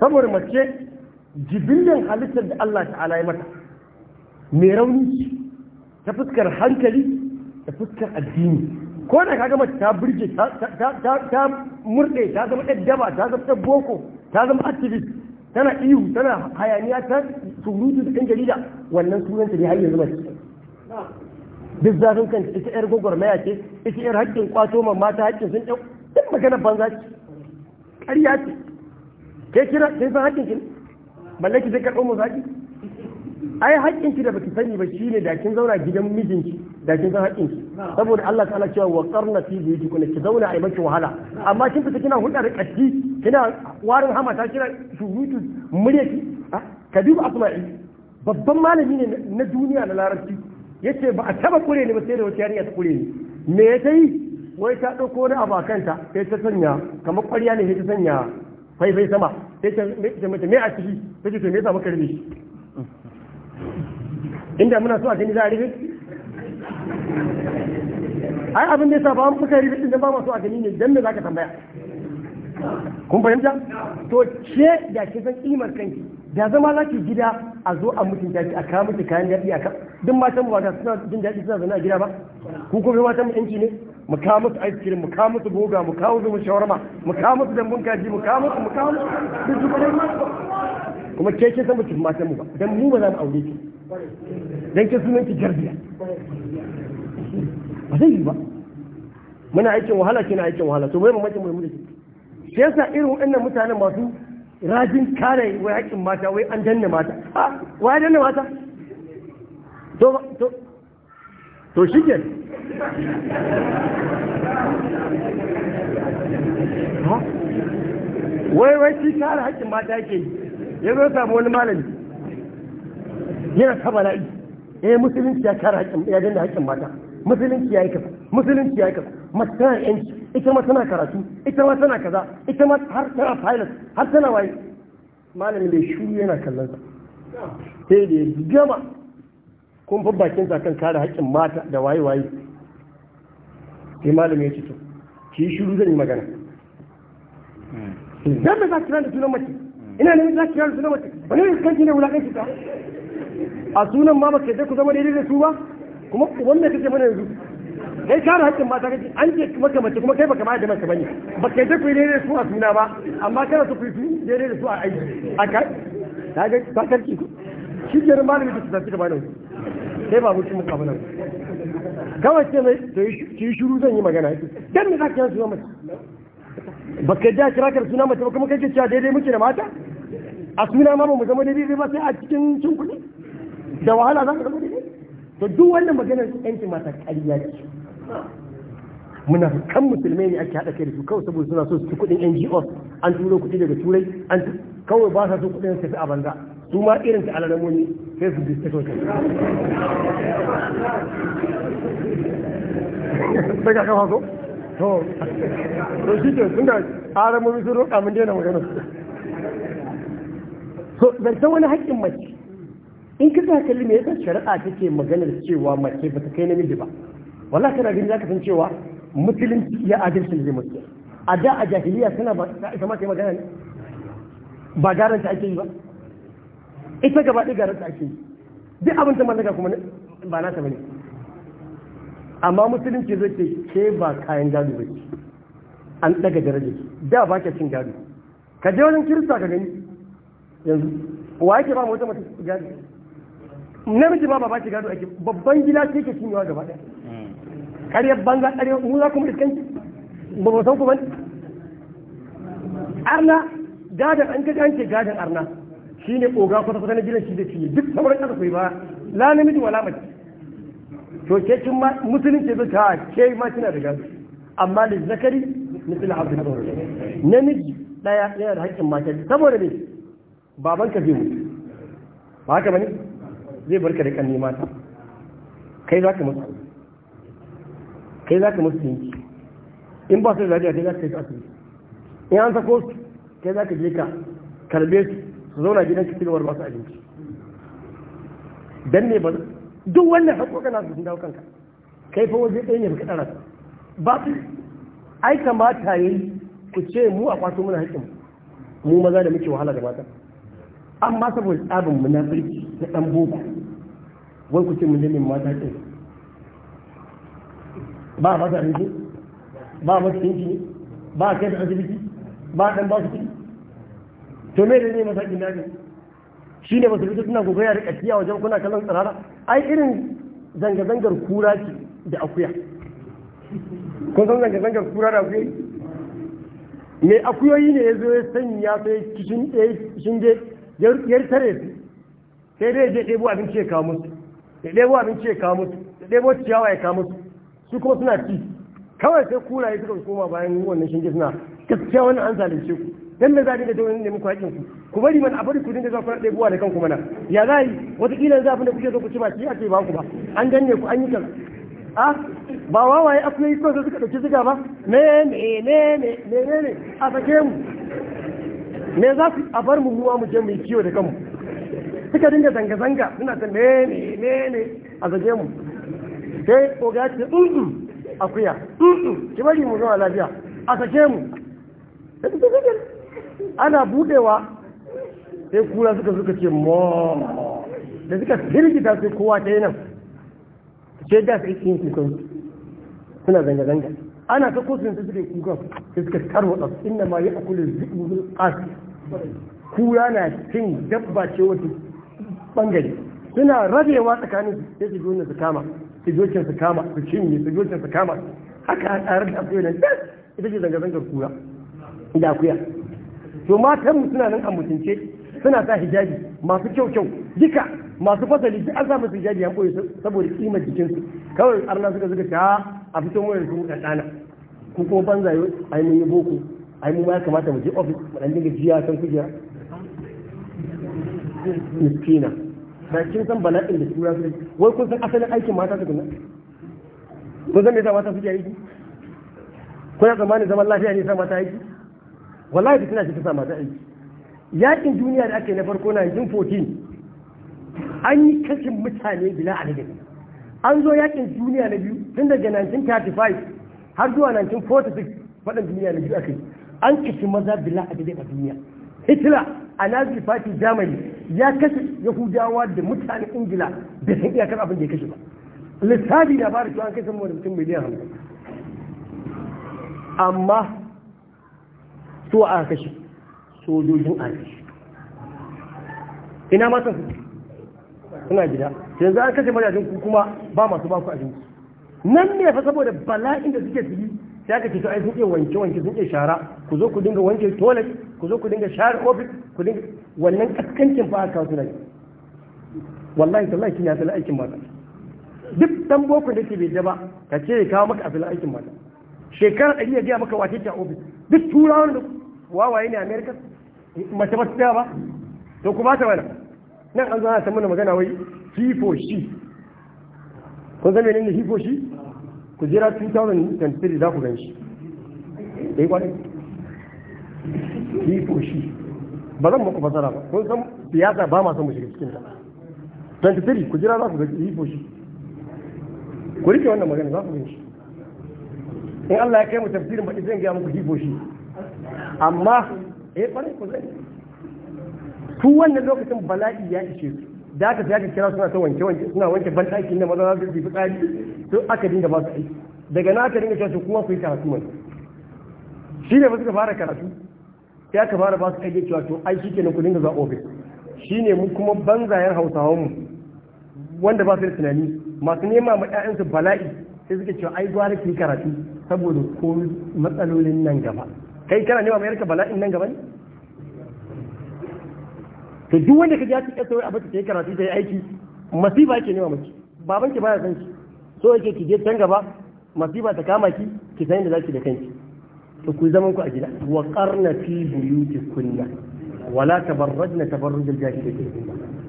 saboda mace jibilin halittar da Allah ta'ala ya mata mai rauni ta fuskar hankali da fuskar addini ko da kaga mace ta burge ta murɗe ta zama ɗaddaba ta zama boko ta zama activist tana ihu tana hayaniya ta surutu da ɗan jarida wannan sunanta ne har yanzu mace duk zafin kan ita yar gwagwarmaya ce ita yar haƙƙin kwato ma mata haƙƙin sun ɗau duk magana banza ce ƙarya ce ke kira sai san haƙƙin kin balle ki zai karɓo mu zaki ai haƙƙin ki da baki sani ba shine da kin zauna gidan mijinki da kin san haƙƙin ki saboda Allah ta'ala cewa wa qarna fi bayti kuna ki zauna ai maki wahala amma kin fita kina hulɗa da ƙatti kina warin hama ta kina surutu muryaki ka duba asma'i babban malami ne na duniya na larabci yace ba a taba kure ne ba sai da wata yarinya ta kure ne me ya ta yi wai ta ɗauko wani a bakanta sai ta sanya kamar ƙwarya ne sai ta sanya faifai sama sai ta mace me a ciki ta ce to me yasa muka rufe shi inda muna so a gani za a rufe ai abin da ya saba an kai riba da ba masu a gani ne dan me zaka tambaya kun fahimta to ce da ke san kimar kanki da zama za ki gida a zo a mutunta ki a kawo miki kayan daɗi a duk matan mu ba suna jin daɗi suna zana a gida ba ku kuma matan mu yanki ne mu kawo musu ice cream mu kawo musu boga mu kawo musu shawarma mu kawo musu dambun kaji mu kawo musu mu kawo musu duk kuma ke ke san mutum matan mu ba dan mu ba za mu aure ki dan ke sunan ki jarbiya ba zai yi ba muna aikin wahala kina aikin wahala to mai mamakin mai mulki shi yasa irin wannan mutanen masu rajin kare wai haƙƙin mata wai an danne mata a wai danne mata to to to shi ke wai wai shi kare haƙƙin mata yake yi ya samu wani malami yana ta bala'i eh musulunci ya kare haƙƙin ya danna haƙƙin mata musulunci ya yi kaza musulunci ya yi kaza mace tana yanci ita ma tana karatu ita ma tana kaza ita ma har tana pilot har tana waye Malami bai shuru yana kallon sa sai da ya gama kun fi bakin sa kan kare haƙƙin mata da waye waye sai malami ya ce to ki shuru zan yi magana Zan hmm. da za ki kira da sunan mace ina neman za ki kira da sunan mace wani ne kanki ne wulakanci ta a sunan ma baka ku zama daidai da su ba kuma wannan kake mana yanzu kai kare haƙƙin mata kake an ce maka mace kuma kai baka ma da mace bane baka yadda ku daidai da su a suna ba amma kana su ku daidai da su a aiki a kai ta ga ta karki ku shi ke malami da tsatsi da malami kai ba mutum ka bana kawai ce mai ki shiru zan yi magana dan me zaka yi suna mace baka yadda kira kar suna mace ba kuma kake cewa daidai muke da mata a suna ma ba mu zama daidai ba sai a cikin cin kuɗi da wahala za ka zama daidai to duk wannan maganar yancin mata ƙarya ce muna kan musulmai ne ake haɗa kai da su kawai saboda suna so su ci kuɗin ngo an turo kuɗi daga turai an kawai ba sa so kuɗin su tafi a banza su ma irin su alalamoni sai su bisu sosai sai ka kafa so to to shi ke tunda alamomi sun roƙa mun daina magana so zancen wani haƙƙin mace in ka sa kalli me yasa shari'a take maganar cewa mace ba ta kai namiji ba wallahi kana gani zaka san cewa musulunci ya adalci ne mace a da a jahiliya suna ba ta isa mata magana ne ba garanta ake yi ba ita gaba ɗaya ta ake yi duk abin ta mallaka kuma ba ta bane amma musulunci zai ce ke ba kayan gado ba ce an daga daraja da ba ka cin gado ka je wajen kirista ka gani yanzu wa yake ba mu wata mace gado namiji ba ba shi gado ake babban gida ce ke cinyewa gaba ɗaya ƙaryar banza ƙaryar mu za kuma iskanci ba ba san ku bane arna gadan an kaji an ce gadan arna shine koga kwata kwata na gidan shi da shi duk sauran ƙasa kai ba la namiji wala mace to ke kin ma musulunci zai ka ke ma kina da gado amma da zakari misali abdul namiji daya yana da haƙƙin mata saboda ne babanka zai mutu ba haka bane zai barka da kanne mata kai za ka musu kai za ka musu yanki in ba su da lafiya kai za ka kai su asibiti in an sako su kai za ka je ka karbe su su zauna gidan ka cigaba da abinci dan ne ba duk wannan haƙoƙa na su sun dawo kanka kai fa waje ɗaya ne baka ɗara ba su ai kamata yi ku ce mu a kwato muna haƙƙin mu maza da muke wahala da mata amma saboda tsabin munafurci na ɗan boko wai ku ce milimin mata ke ba a mata rinji ba a mata rinji ba a kai da asibiti ba a dan ba su ciki to me da ne masa kin dadi shi ne masu fito suna gogoya da kaciya wajen kuna kallon tsirara ai irin zanga-zangar kura ce da akuya kun san zanga-zangar kura da akuya mai akuyoyi ne ya zo ya sanya sai cikin shinge yar tare su sai dai ya je ɗebo abinci ya kawo musu ya ɗebo abinci ya kawo musu ya ɗebo ciyawa ya kawo su kuma suna ci kawai sai kuraye suka koma bayan wannan shinge suna gaskiya wannan an zalunce ku dan me za dinga da wani neman kwakin ku ku bari mana a bari ku dinga za ku ɗebo da kanku mana ya za yi wataƙila za abin da kuke so ku ci ba ci a ce ba ku ba an danne ku an yi kaza a ba wawaye akwai yi sai suka ɗauki ziga ba me me me me me a sake mu me za ku a bar mu ruwa mu je mu yi kiwo da kanmu suka dinga zanga-zanga suna ta mene mene a zage mu sai oga ce a akuya mm ki bari mu zuwa lafiya a sake mu ana budewa sai kura suka suka ce mo da suka firgita sai kowa ta yi nan sai da su ikin kukan suna zanga-zanga ana ta kusurin su suke kukan sai suka tarwada inda ma yi akulin zikin asi kura na cin dabba ce wata bangare suna rabewa tsakanin su sai su gona su kama su jokin su kama su cinye su jokin su kama haka a tsarar da akwai nan ita ce zanga-zangar kura da akuya to matan suna nan a mutunce suna sa hijabi masu kyau kyau duka masu fasali duk an sa musu hijabi an koyi saboda kimar jikinsu kawai arna suka zuga ta ah, a fito mu yanzu mu ɗana ko kuma banzayo ai mun yi boko ai mun ya kamata mu je ofis mu dan dinga jiya san kujera miskina da kin san bala'in da tura yakin duniya da ake na farko na 1914 an yi kashin mutane bila adadin an zo yakin duniya na biyu tun daga 1935 har zuwa 1946 fadin duniya na biyu aka an kishi maza bila adadin a duniya hitler a nazi party germany ya kashe yahudawa da mutanen ingila da san iyakar abin da ya kashe ba lissafi da fara cewa an kashe mu da mutum miliyan hamsin amma so a kashe sojojin a kashe ina matan su suna gida yanzu an kashe mazajen ku kuma ba masu baku abinci nan ne fa saboda bala'in da suke su yi sai aka ce to ai sun wanke wanke sun shara ku zo ku dinga wanke toilet ku zo ku dinga share office ku dinga wannan kaskancin fa aka suna wallahi tallahi kin ya tsala aikin mata duk dan boko da ke bai da ba ka ce kawo maka asalin aikin mata shekara ɗari ya gaya maka wace ta office duk turawan da wawaye ne america mace masu tsaya ba to ku ba ta wani nan an zo ana ta mana magana wai hifoshi. kun zama ne he for ku jira 2023 za ku gan shi da yi ki yi shi ba zan muku fasara ba kun san siyasa ba masu mu shiga cikin ta 23 ku jira za ku gan yi shi ku rike wannan magana za ku gan shi in Allah ya kai mu tafsirin ba zan ga muku yi shi amma eh kwarai ku zai ku wannan lokacin bala'i ya ishe su da aka sai aka kira suna ta wanke wanke suna wanke banɗaki, na maza za su yi fitsari to aka dinga ba su aiki daga na aka dinga cewa kuma ku yi karatu mai shi ne ba suka fara karatu sai ka fara ba su aiki cewa to ai shi kenan ku dinga zuwa ofis shi ne mu kuma banzayen hausawan mu wanda ba su yi tunani masu nema ma 'ya'yansu bala'i sai suka cewa ai gwara ki karatu saboda ko matsalolin nan gaba kai kana nema mai yarka bala'in nan gaba ne to duk wanda ka ji ya ci kasa wai abin ta yi karatu ta yi aiki masifa yake nema mace baban ki baya san shi so yake ki je can gaba masifa ta kama ki ki san da zaki da kanki to ku zaman ku a gida wa qarna fi buyutikunna wala tabarrajna tabarruj al-jahiliyyah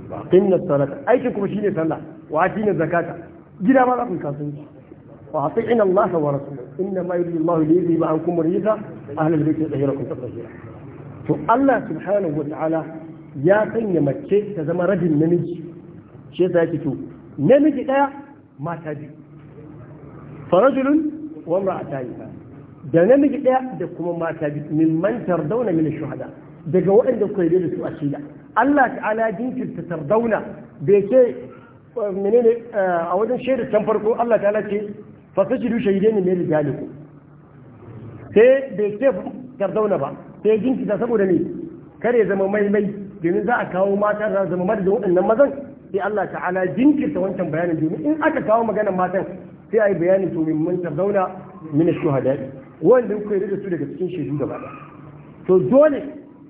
wa aqimna as-salata aikin kuma shine sallah wa atina zakata gida ma za ku kasance wa atiina Allah wa rasulahu inna ma yuridu Allah li yuzhiba ankum rijsa ahli al-bayt yadhhirukum tatahira to Allah subhanahu wa ta'ala ya sanya mace ta zama rajin namiji shi yasa yake to namiji daya mata biyu farajulun wa ra'atani da namiji daya da kuma mata biyu min man dauna min shuhada daga waɗanda kuka yi da su a shida Allah ta'ala jinkirta tardauna bai ce uh, menene uh, a wajen shaida can farko Allah ta'ala ce fa sajidu ne min rijaliku sai bai ce tardauna ba sai jinkirta saboda ne kare zama maimai domin za a kawo mata za zama mara da waɗannan mazan sai Allah ta'ala jinkirta wancan bayanin domin in aka kawo maganar matan sai a yi bayanin to min manta zauna min shuhada wanda ku yi da su daga cikin shaidu gaba da to dole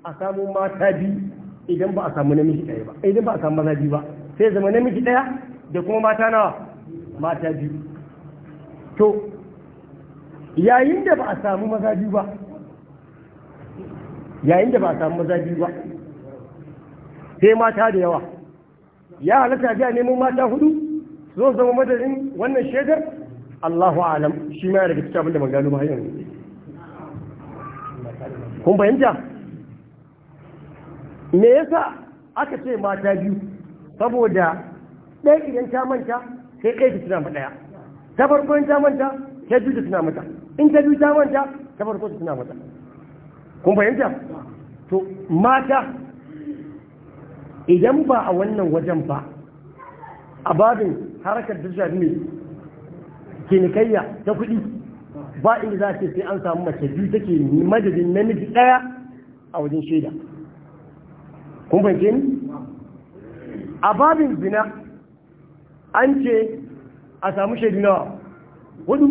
a samu mata biyu idan ba a samu namiji ɗaya ba idan ba a samu maza biyu ba sai zama namiji ɗaya da kuma mata nawa mata biyu to yayin da ba a samu maza biyu ba yayin da ba a samu maza biyu ba sai mata da yawa ya halatta biya nemo mata hudu zo zama madadin wannan shaidar Allahu alam shi ma daga cikin da magano ba yanzu kun fahimta me yasa aka ce mata biyu saboda ɗaya idan ta manta sai ɗaya ta tuna ɗaya ta farko in ta manta ta biyu ta tuna mata in ta biyu ta manta ta farko ta tuna mata kun fahimta to mata idan ba a wannan wajen ba a babin harkar da shafi ne nikayya ta kuɗi ba inda za a ce sai an samu mace biyu take madadin namiji ɗaya a wajen shaida kun fahimce ni a babin zina an ce a samu shaidu nawa hudu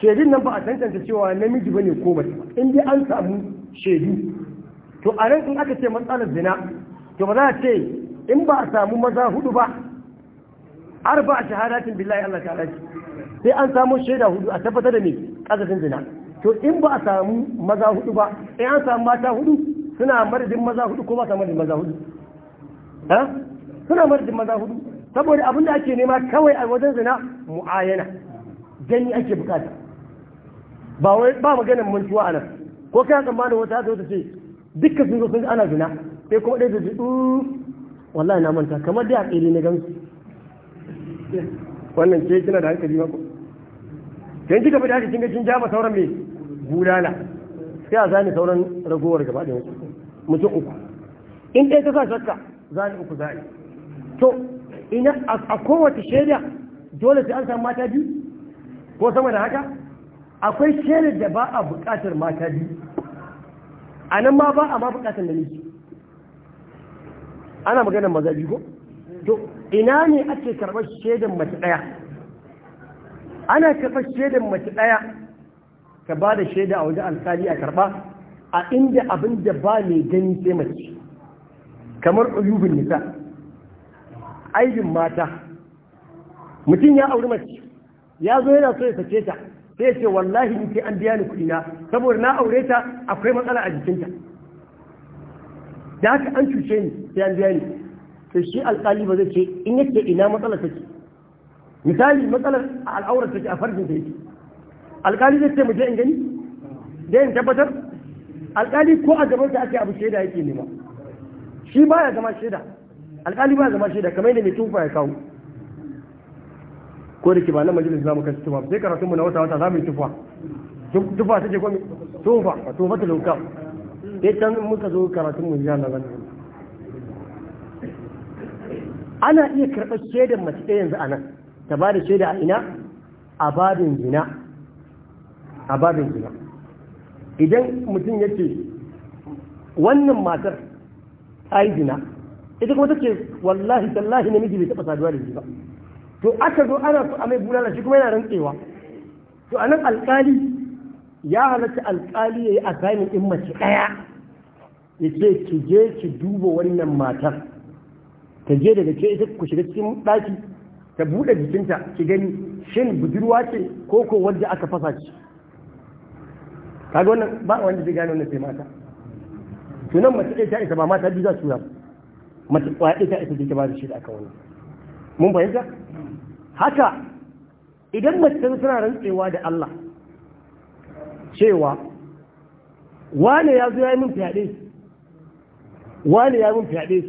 shaidun nan ba a tantance cewa namiji bane ko ba? in an samu shaidu to a nan in aka ce matsalar zina to ba za a ce in ba a samu maza hudu ba arba a shahadatin billahi Allah ta ce sai an samu shaida hudu a tabbatar da me kazafin zina to in ba a samu maza hudu ba in an samu mata hudu suna marjin maza hudu ko ba sa madadin maza hudu ha suna marjin maza hudu saboda abinda da ake nema kawai a wajen zina mu'ayana gani ake bukata ba wai ba maganin mantuwa a nan ko an tsammanin wata zo ta ce dukkan sun zo sun ana zina sai kuma ɗaya da ji mm, wallahi na manta kamar dai a tsiri na gan wannan ke kina da hankali mako dan kika fita haka kinga kin ja ma sauran me gudana sai a zani sauran ragowar gaba da mutum uku in ɗaya ta sa shakka zani uku zani to ina a kowace shaida dole sai an samu mata biyu ko sama da haka akwai shaida da ba a buƙatar mata biyu a nan ma ba a ma buƙatar namiji ana magana maza biyu ko to ina ne ake karɓar shaidan mace ɗaya ana karɓar shaidan mace ɗaya ka ba da shaida a wajen alkali a karɓa a inda abin da ba mai gani sai mace kamar uyubin nisa aibin mata mutum ya auri mace ya zo yana so ya sace ta sai ce wallahi ni sai an biya ni kuɗi na saboda na aure ta akwai matsala a jikinta da haka an cuce ni sai an biya ni to shi alƙali ba zai ce in yake ina matsalar take misali matsalar al'aurar take a farjin take alƙali zai ce mu je in gani da in tabbatar alƙali ko a gaban ake abu shaida yake nema shi baya zama shaida alƙali baya zama shaida kamar yadda mai tufa ya kawo ko da ke ba na majalis zamu kasu tufa sai karatun mu na wata wata zamu yi tufa tufa take ko tufa tufa ta lokal sai muka zo karatun mu na wannan ana iya karɓar shaidar mace ɗaya yanzu a nan ta ba da shaida a ina a babin gina a babin idan mutum ya ce wannan matar ta yi gina ita kuma ta ce wallahi tallahi namiji bai taɓa saduwa da shi ba to aka zo ana so a mai bulala shi kuma yana rantsewa to a nan alƙali ya halatta alƙali ya yi assignment ɗin mace ɗaya ya ce ki je ki duba wannan matar ta je daga ke ita ku shiga cikin ɗaki ta buɗe jikinta ki gani shin budurwa ce ko ko wanda aka fasa ci kaga wannan ba wanda zai gane wannan sai mata Tunan mace ɗaya ta isa ba mata biyu za su yamu mace ɗaya ta isa ta ba da shi da aka wani mun fahimta haka idan mace ta suna rantsewa da Allah cewa wane ya zo ya yi min fyaɗe wane ya yi min fyaɗe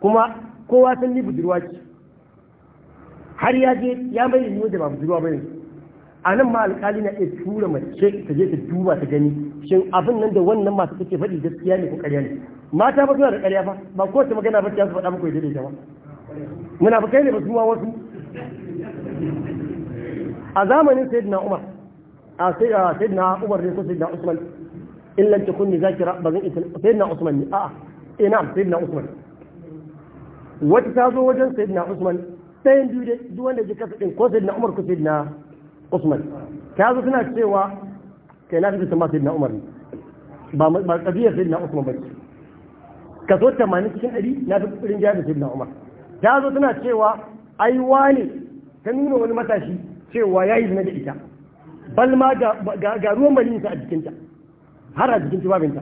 kuma kowa san ni budurwa ce har ya je ya mai ni da ba budurwa bane a nan ma alƙali na iya tura mace ta je ta duba ta gani shin abin nan da wannan masu take faɗi gaskiya ne ko ƙarya ne mata ba zuwa da ƙarya fa ba ta magana ba ta su faɗa muku daidaita ba kai ne ba su wasu a zamanin sayyidina umar a sai na umar ne ko sai usman in lan takun ni zakira ba zan isa sai usman ne a'a eh na'am usman wata ta wajen sai usman sai biyu dai duk wanda ji ko sai umar ko sai na usman ta zo cewa kai na fi umar ne ba usman ba kaso cikin ɗari na fi rinjaya da sai na umar ta zo tana cewa ai wani ta nuna wani matashi cewa yayi zina da ita bal ma ga ruwan malinsa a jikinta har a jikin tubabinta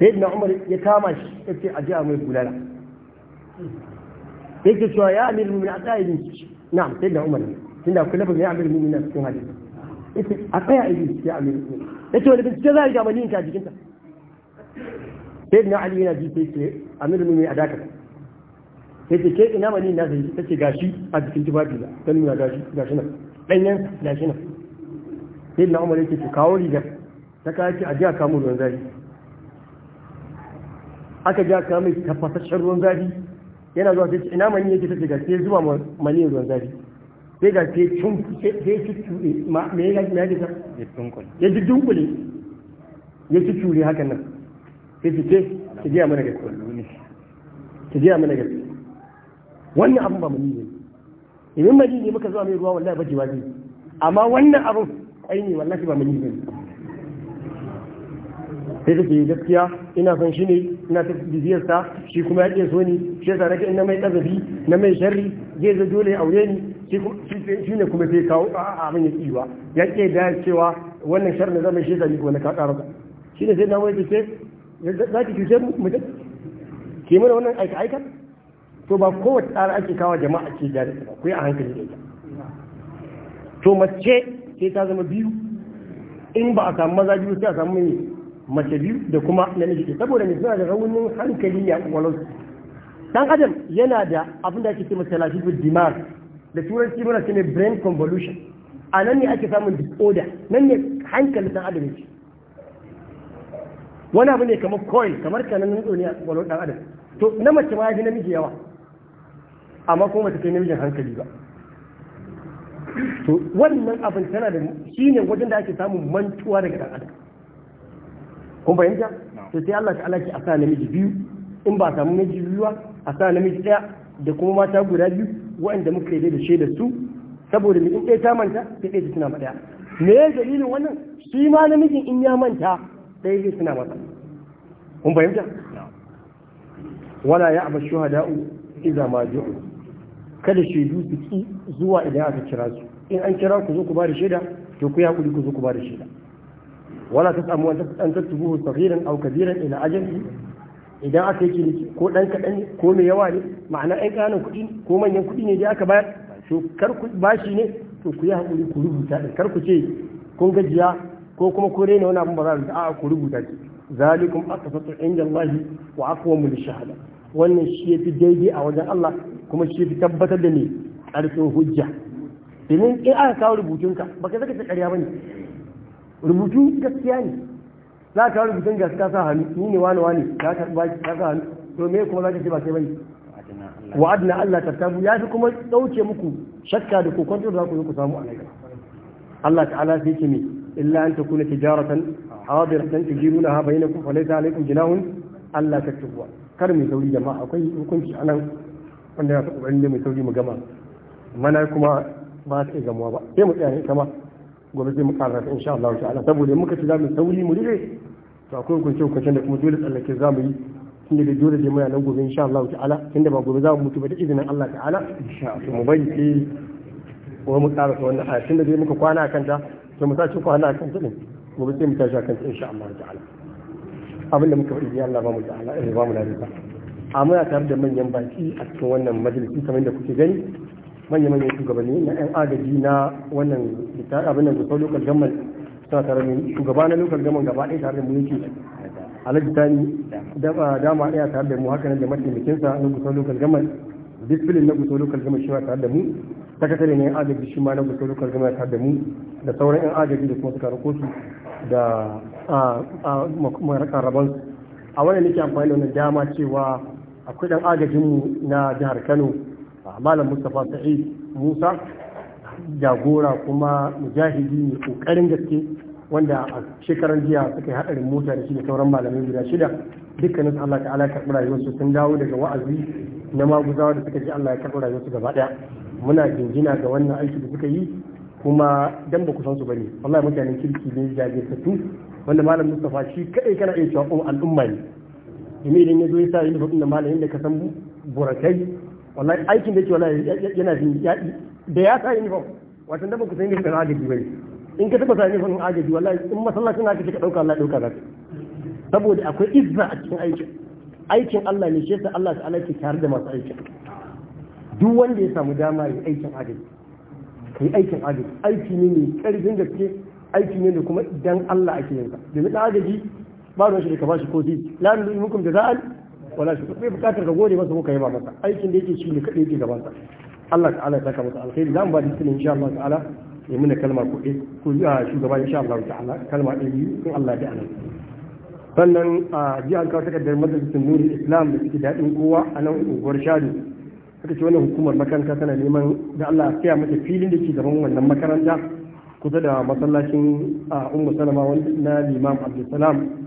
sai na umar ya kama shi ya ce a jiya mai bulala ya ke cewa ya amir mummina a tsaye bin na sai na umar tun da kula ya amir mummina a cikin hadisi ya ce a tsaya a bin ya amir mummina ya ce wani bincike za a yi ga malinka a jikinta sai na ali yana ji ce amir mummina a dakata sai ce ke ina malin na zai ta ce gashi a jikin tubabi don nuna gashi nan ɗanyen da shi nan sai na umar yake kawo rigar ta kaya ce a ji a kamo ruwan zafi aka ji a kamo mai tafasasshen ruwan zafi yana zuwa sai ina mani yake tafi ce gaske zuwa mani ruwan zafi sai ga sai cin sai ci cure ma me ya ga ya ya ji dunkule ya ci cure hakan nan sai su ce ki ji mana gaske ki ji mana gaske wannan abin ba mani ne idan madini muka zuwa mai ruwa wallahi baji ne amma wannan abu aini ne wallahi ba mani ne sai take gaskiya ina son shi ne ina ta bibiyarsa shi kuma ya ke so ni shi yasa nake ina mai kazafi na mai sharri zai zo dole aure ni shi ne kuma sai kawo a amin ya kiwa ya ke da cewa wannan sharri na zama shi zai ni kuma na ka shi ne sai na wai da ke za ki cuce mu ke mana wannan aika aika to ba kowace tsara ake kawo jama'a ce jari ba ku yi a hankali da ita to mace sai ta zama biyu in ba a samu maza biyu sai a samu mace biyu da kuma namiji ke saboda mai suna da raunin hankali ya kwakwalwar dan adam yana da abin da ake ce lafi lafiya dimar da turanci muna ce mai brain convolution a nan ne ake samun disorder nan ne hankali dan adam ce. wani abu ne kamar coil kamar kananin tsoni a kwakwalwar dan adam to na mace ma ya fi namiji yawa amma kuma ta kai namijin hankali ba to wannan abin tana da shi ne wajen da ake samun mantuwa daga ɗan adam kun fahimta to sai Allah ta'ala ki a namiji biyu in ba samu namiji biyu ba a sa namiji ɗaya da kuma mata guda biyu waɗanda muka yi da shaida su saboda mutum ɗaya ta manta sai ɗaya ta tuna ma ɗaya me ya dalilin wannan shi ma namijin in ya manta ɗaya zai tuna masa kun fahimta wala ya abashu hada'u idza ma ji'u kada shaidu su ki zuwa idan aka kira su in an kira ku zo ku ba da shaida to ku ya ku zo ku ba da shaida wala ta samu an tattubu sagiran aw kabiran ila ajali idan aka yi ciniki ko ɗan kaɗan ne ko mai yawa ne ma'ana ɗan ƙananan kuɗi ko manyan kuɗi ne da aka bayar to kar ku bashi ne to ku yi hakuri ku rubuta din kar ku ce kun gajiya ko kuma ku rena wani abin ba za rubuta a'a ku rubuta shi zalikum aqsatu inda Allah wa aqwamu lishahada wannan shi ya fi daidai a wajen Allah kuma shi fi tabbatar da ne ƙarfin hujja domin in aka kawo rubutunka ba ka zaka ta ƙarya ba ne rubutu gaskiya ne za ka kawo rubutun gaskiya ka sa hannu ni ne wani wani ka karɓa ka sa hannu to me kuma za ka ce ba sai ba bane wa'adna Allah tattabu ya fi kuma ɗauke muku shakka da kokonto da za ku yi ku samu a nan Allah ta'ala sai ce me illa an ta takuna tijaratan hadiratan tujirunaha bainakum falaysa alaykum jinahun Allah ta tattuwa kar mai sauri jama'a akwai hukunci anan wanda ya kokarin ne mai sauri mu gama mana kuma ba ta iya gamuwa ba sai mu tsaya ita ma gobe sai mu ƙara ta insha Allah ala saboda muka ci zamu mu sauri mu dire to akwai hukunce hukuncen da kuma dole tsallake za mu yi tun daga dole sai muna nan gobe insha Allah ala tun da ba gobe za mu mutu ba da izinin Allah ala insha Allah mu bari sai ko mu ƙara ta wannan aya da dai muka kwana kan ta to mu sace kwana kan ta din gobe sai mu tashi kan ta insha Allah ala abinda muka faɗi ya Allah ba mu ta ala ba mu lafiya a muna tare da manyan baki a cikin wannan majalisi kamar da kuke gani manya-manyan shugabanni na 'yan agaji na wannan abin da gusau lokal gamar suna tare da shugaba na lokal gamar gaba ɗaya tare da mu yake alhaji tani dama ɗaya tare da mu haka nan da mataimakinsa na gusar lokal gamar disfilin na gusar lokal gamar shi ma tare da mu sakatare na 'yan agaji shi ma na gusar lokal gamar tare da mu da sauran 'yan agaji da kuma suka rako su da a rabansu a nake amfani da wannan dama cewa akwai ɗan agajinmu na jihar kano malam mustapha sa'id musa jagora kuma mujahidi ne kokarin gaske wanda a shekaran jiya suka yi haɗarin mota da shi da sauran malamai guda shida dukkanin Allah ta'ala ya karɓi rayuwarsu sun dawo daga wa'azi na maguzawa da suka ji Allah ya karɓi rayuwarsu gaba ɗaya muna jinjina ga wannan aiki da suka yi kuma dan ba ku san su bane wallahi mutanen kirki ne jajirtattu wanda malam Mustapha shi kadai kana iya cewa al'umma ne domin idan ya zo ya sa yi hudun da malamin da ka san burakai wallahi aikin da ke wallahi yana jin yaɗi da ya sa uniform wato da ku san yadda agaji bai in ka taba sa uniform agaji wallahi in masallacin ka ce ka ɗauka Allah dauka zaka saboda akwai izza a cikin aikin aikin Allah ne shi yasa Allah ta'ala ke tare da masu aikin duk wanda ya samu dama ya aikin agaji kai aikin agaji aiki ne mai karfin gaske aiki ne da kuma idan Allah ake yin sa domin agaji ba ruwan shi da ka bashi ko zai la hukum da za'al wala shi bai bukatar ka gode masa ko yi ba masa aikin da yake shi ne kadai yake gaban sa Allah ta'ala ya saka masa alkhairi mu ba da sunan insha Allah ta'ala ya muna kalma ko eh ko shugaba insha Allah ta'ala kalma ɗaya biyu in Allah ya anan sannan a ji ta kawo takardar majalisin nuri islam da suke daɗin kowa a nan unguwar shadu suka ce wannan hukumar makaranta tana neman da Allah ya mata filin da ke gaban wannan makaranta kusa da masallacin a umma salama na limam abdulsalam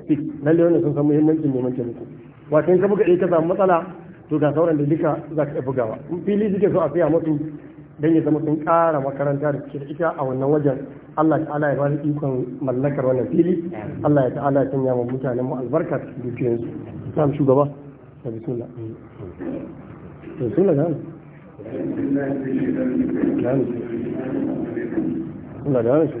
fix lalle wannan sun san muhimmancin neman taimako wato in ka buga ɗaya ka samu matsala to ga sauran da duka za ka iya bugawa in fili suke so a fiya musu dan ya zama sun ƙara makaranta da suke da ita a wannan wajen Allah ta ta'ala ya bada ikon mallakar wannan fili Allah ya ta ta'ala ya sanya wa mutanen mu albarka cikin su sam shugaba da bismillah bismillah gani bismillah gani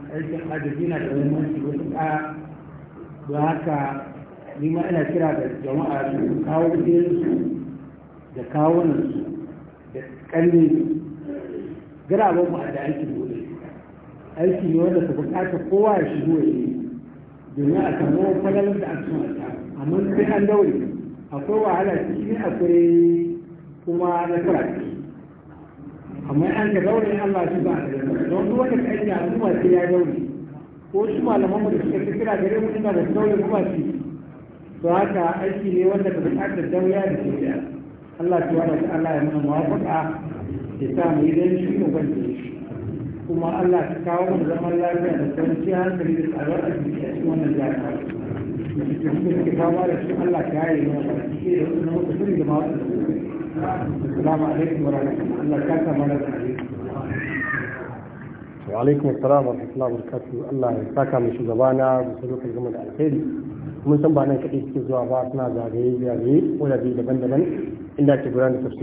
aikin agaji na da muhimmanci wasu ka don haka ni ma ina kira da jama'a su kawo su da kawunan su da kalli su garaban mu da aikin dole aiki ne wanda su bukata kowa ya shigo ya yi domin a samu fagalin da aka son amma sai an daure akwai wahala cikin akwai kuma na karatu amma an ga raunin Allah shi ba don duk wanda kai da al'umma sai ya rauni ko shi malaman da suka fi kira gare mu suna da sauyin kuma shi to haka aiki ne wanda ka buƙatar dauya da tafiya Allah ta wada ta Allah ya mana mawafaka ya sa mu yi dan shi ko shi kuma Allah ta kawo mu zaman lafiya da kwanciyar hankali da tsaro a cikin wannan jaka da ke kawo da shi Allah ta yaye mana da suke da wani mutum da ma wata السلام عليكم ورحمة الله وبركاته وعليكم السلام ورحمة الله وبركاته الله يساك من شغبانا بسلوك الجمل الخير mun san ba nan kaɗai suke zuwa ba suna zagaye zagaye ko da daban-daban inda ake gudanar da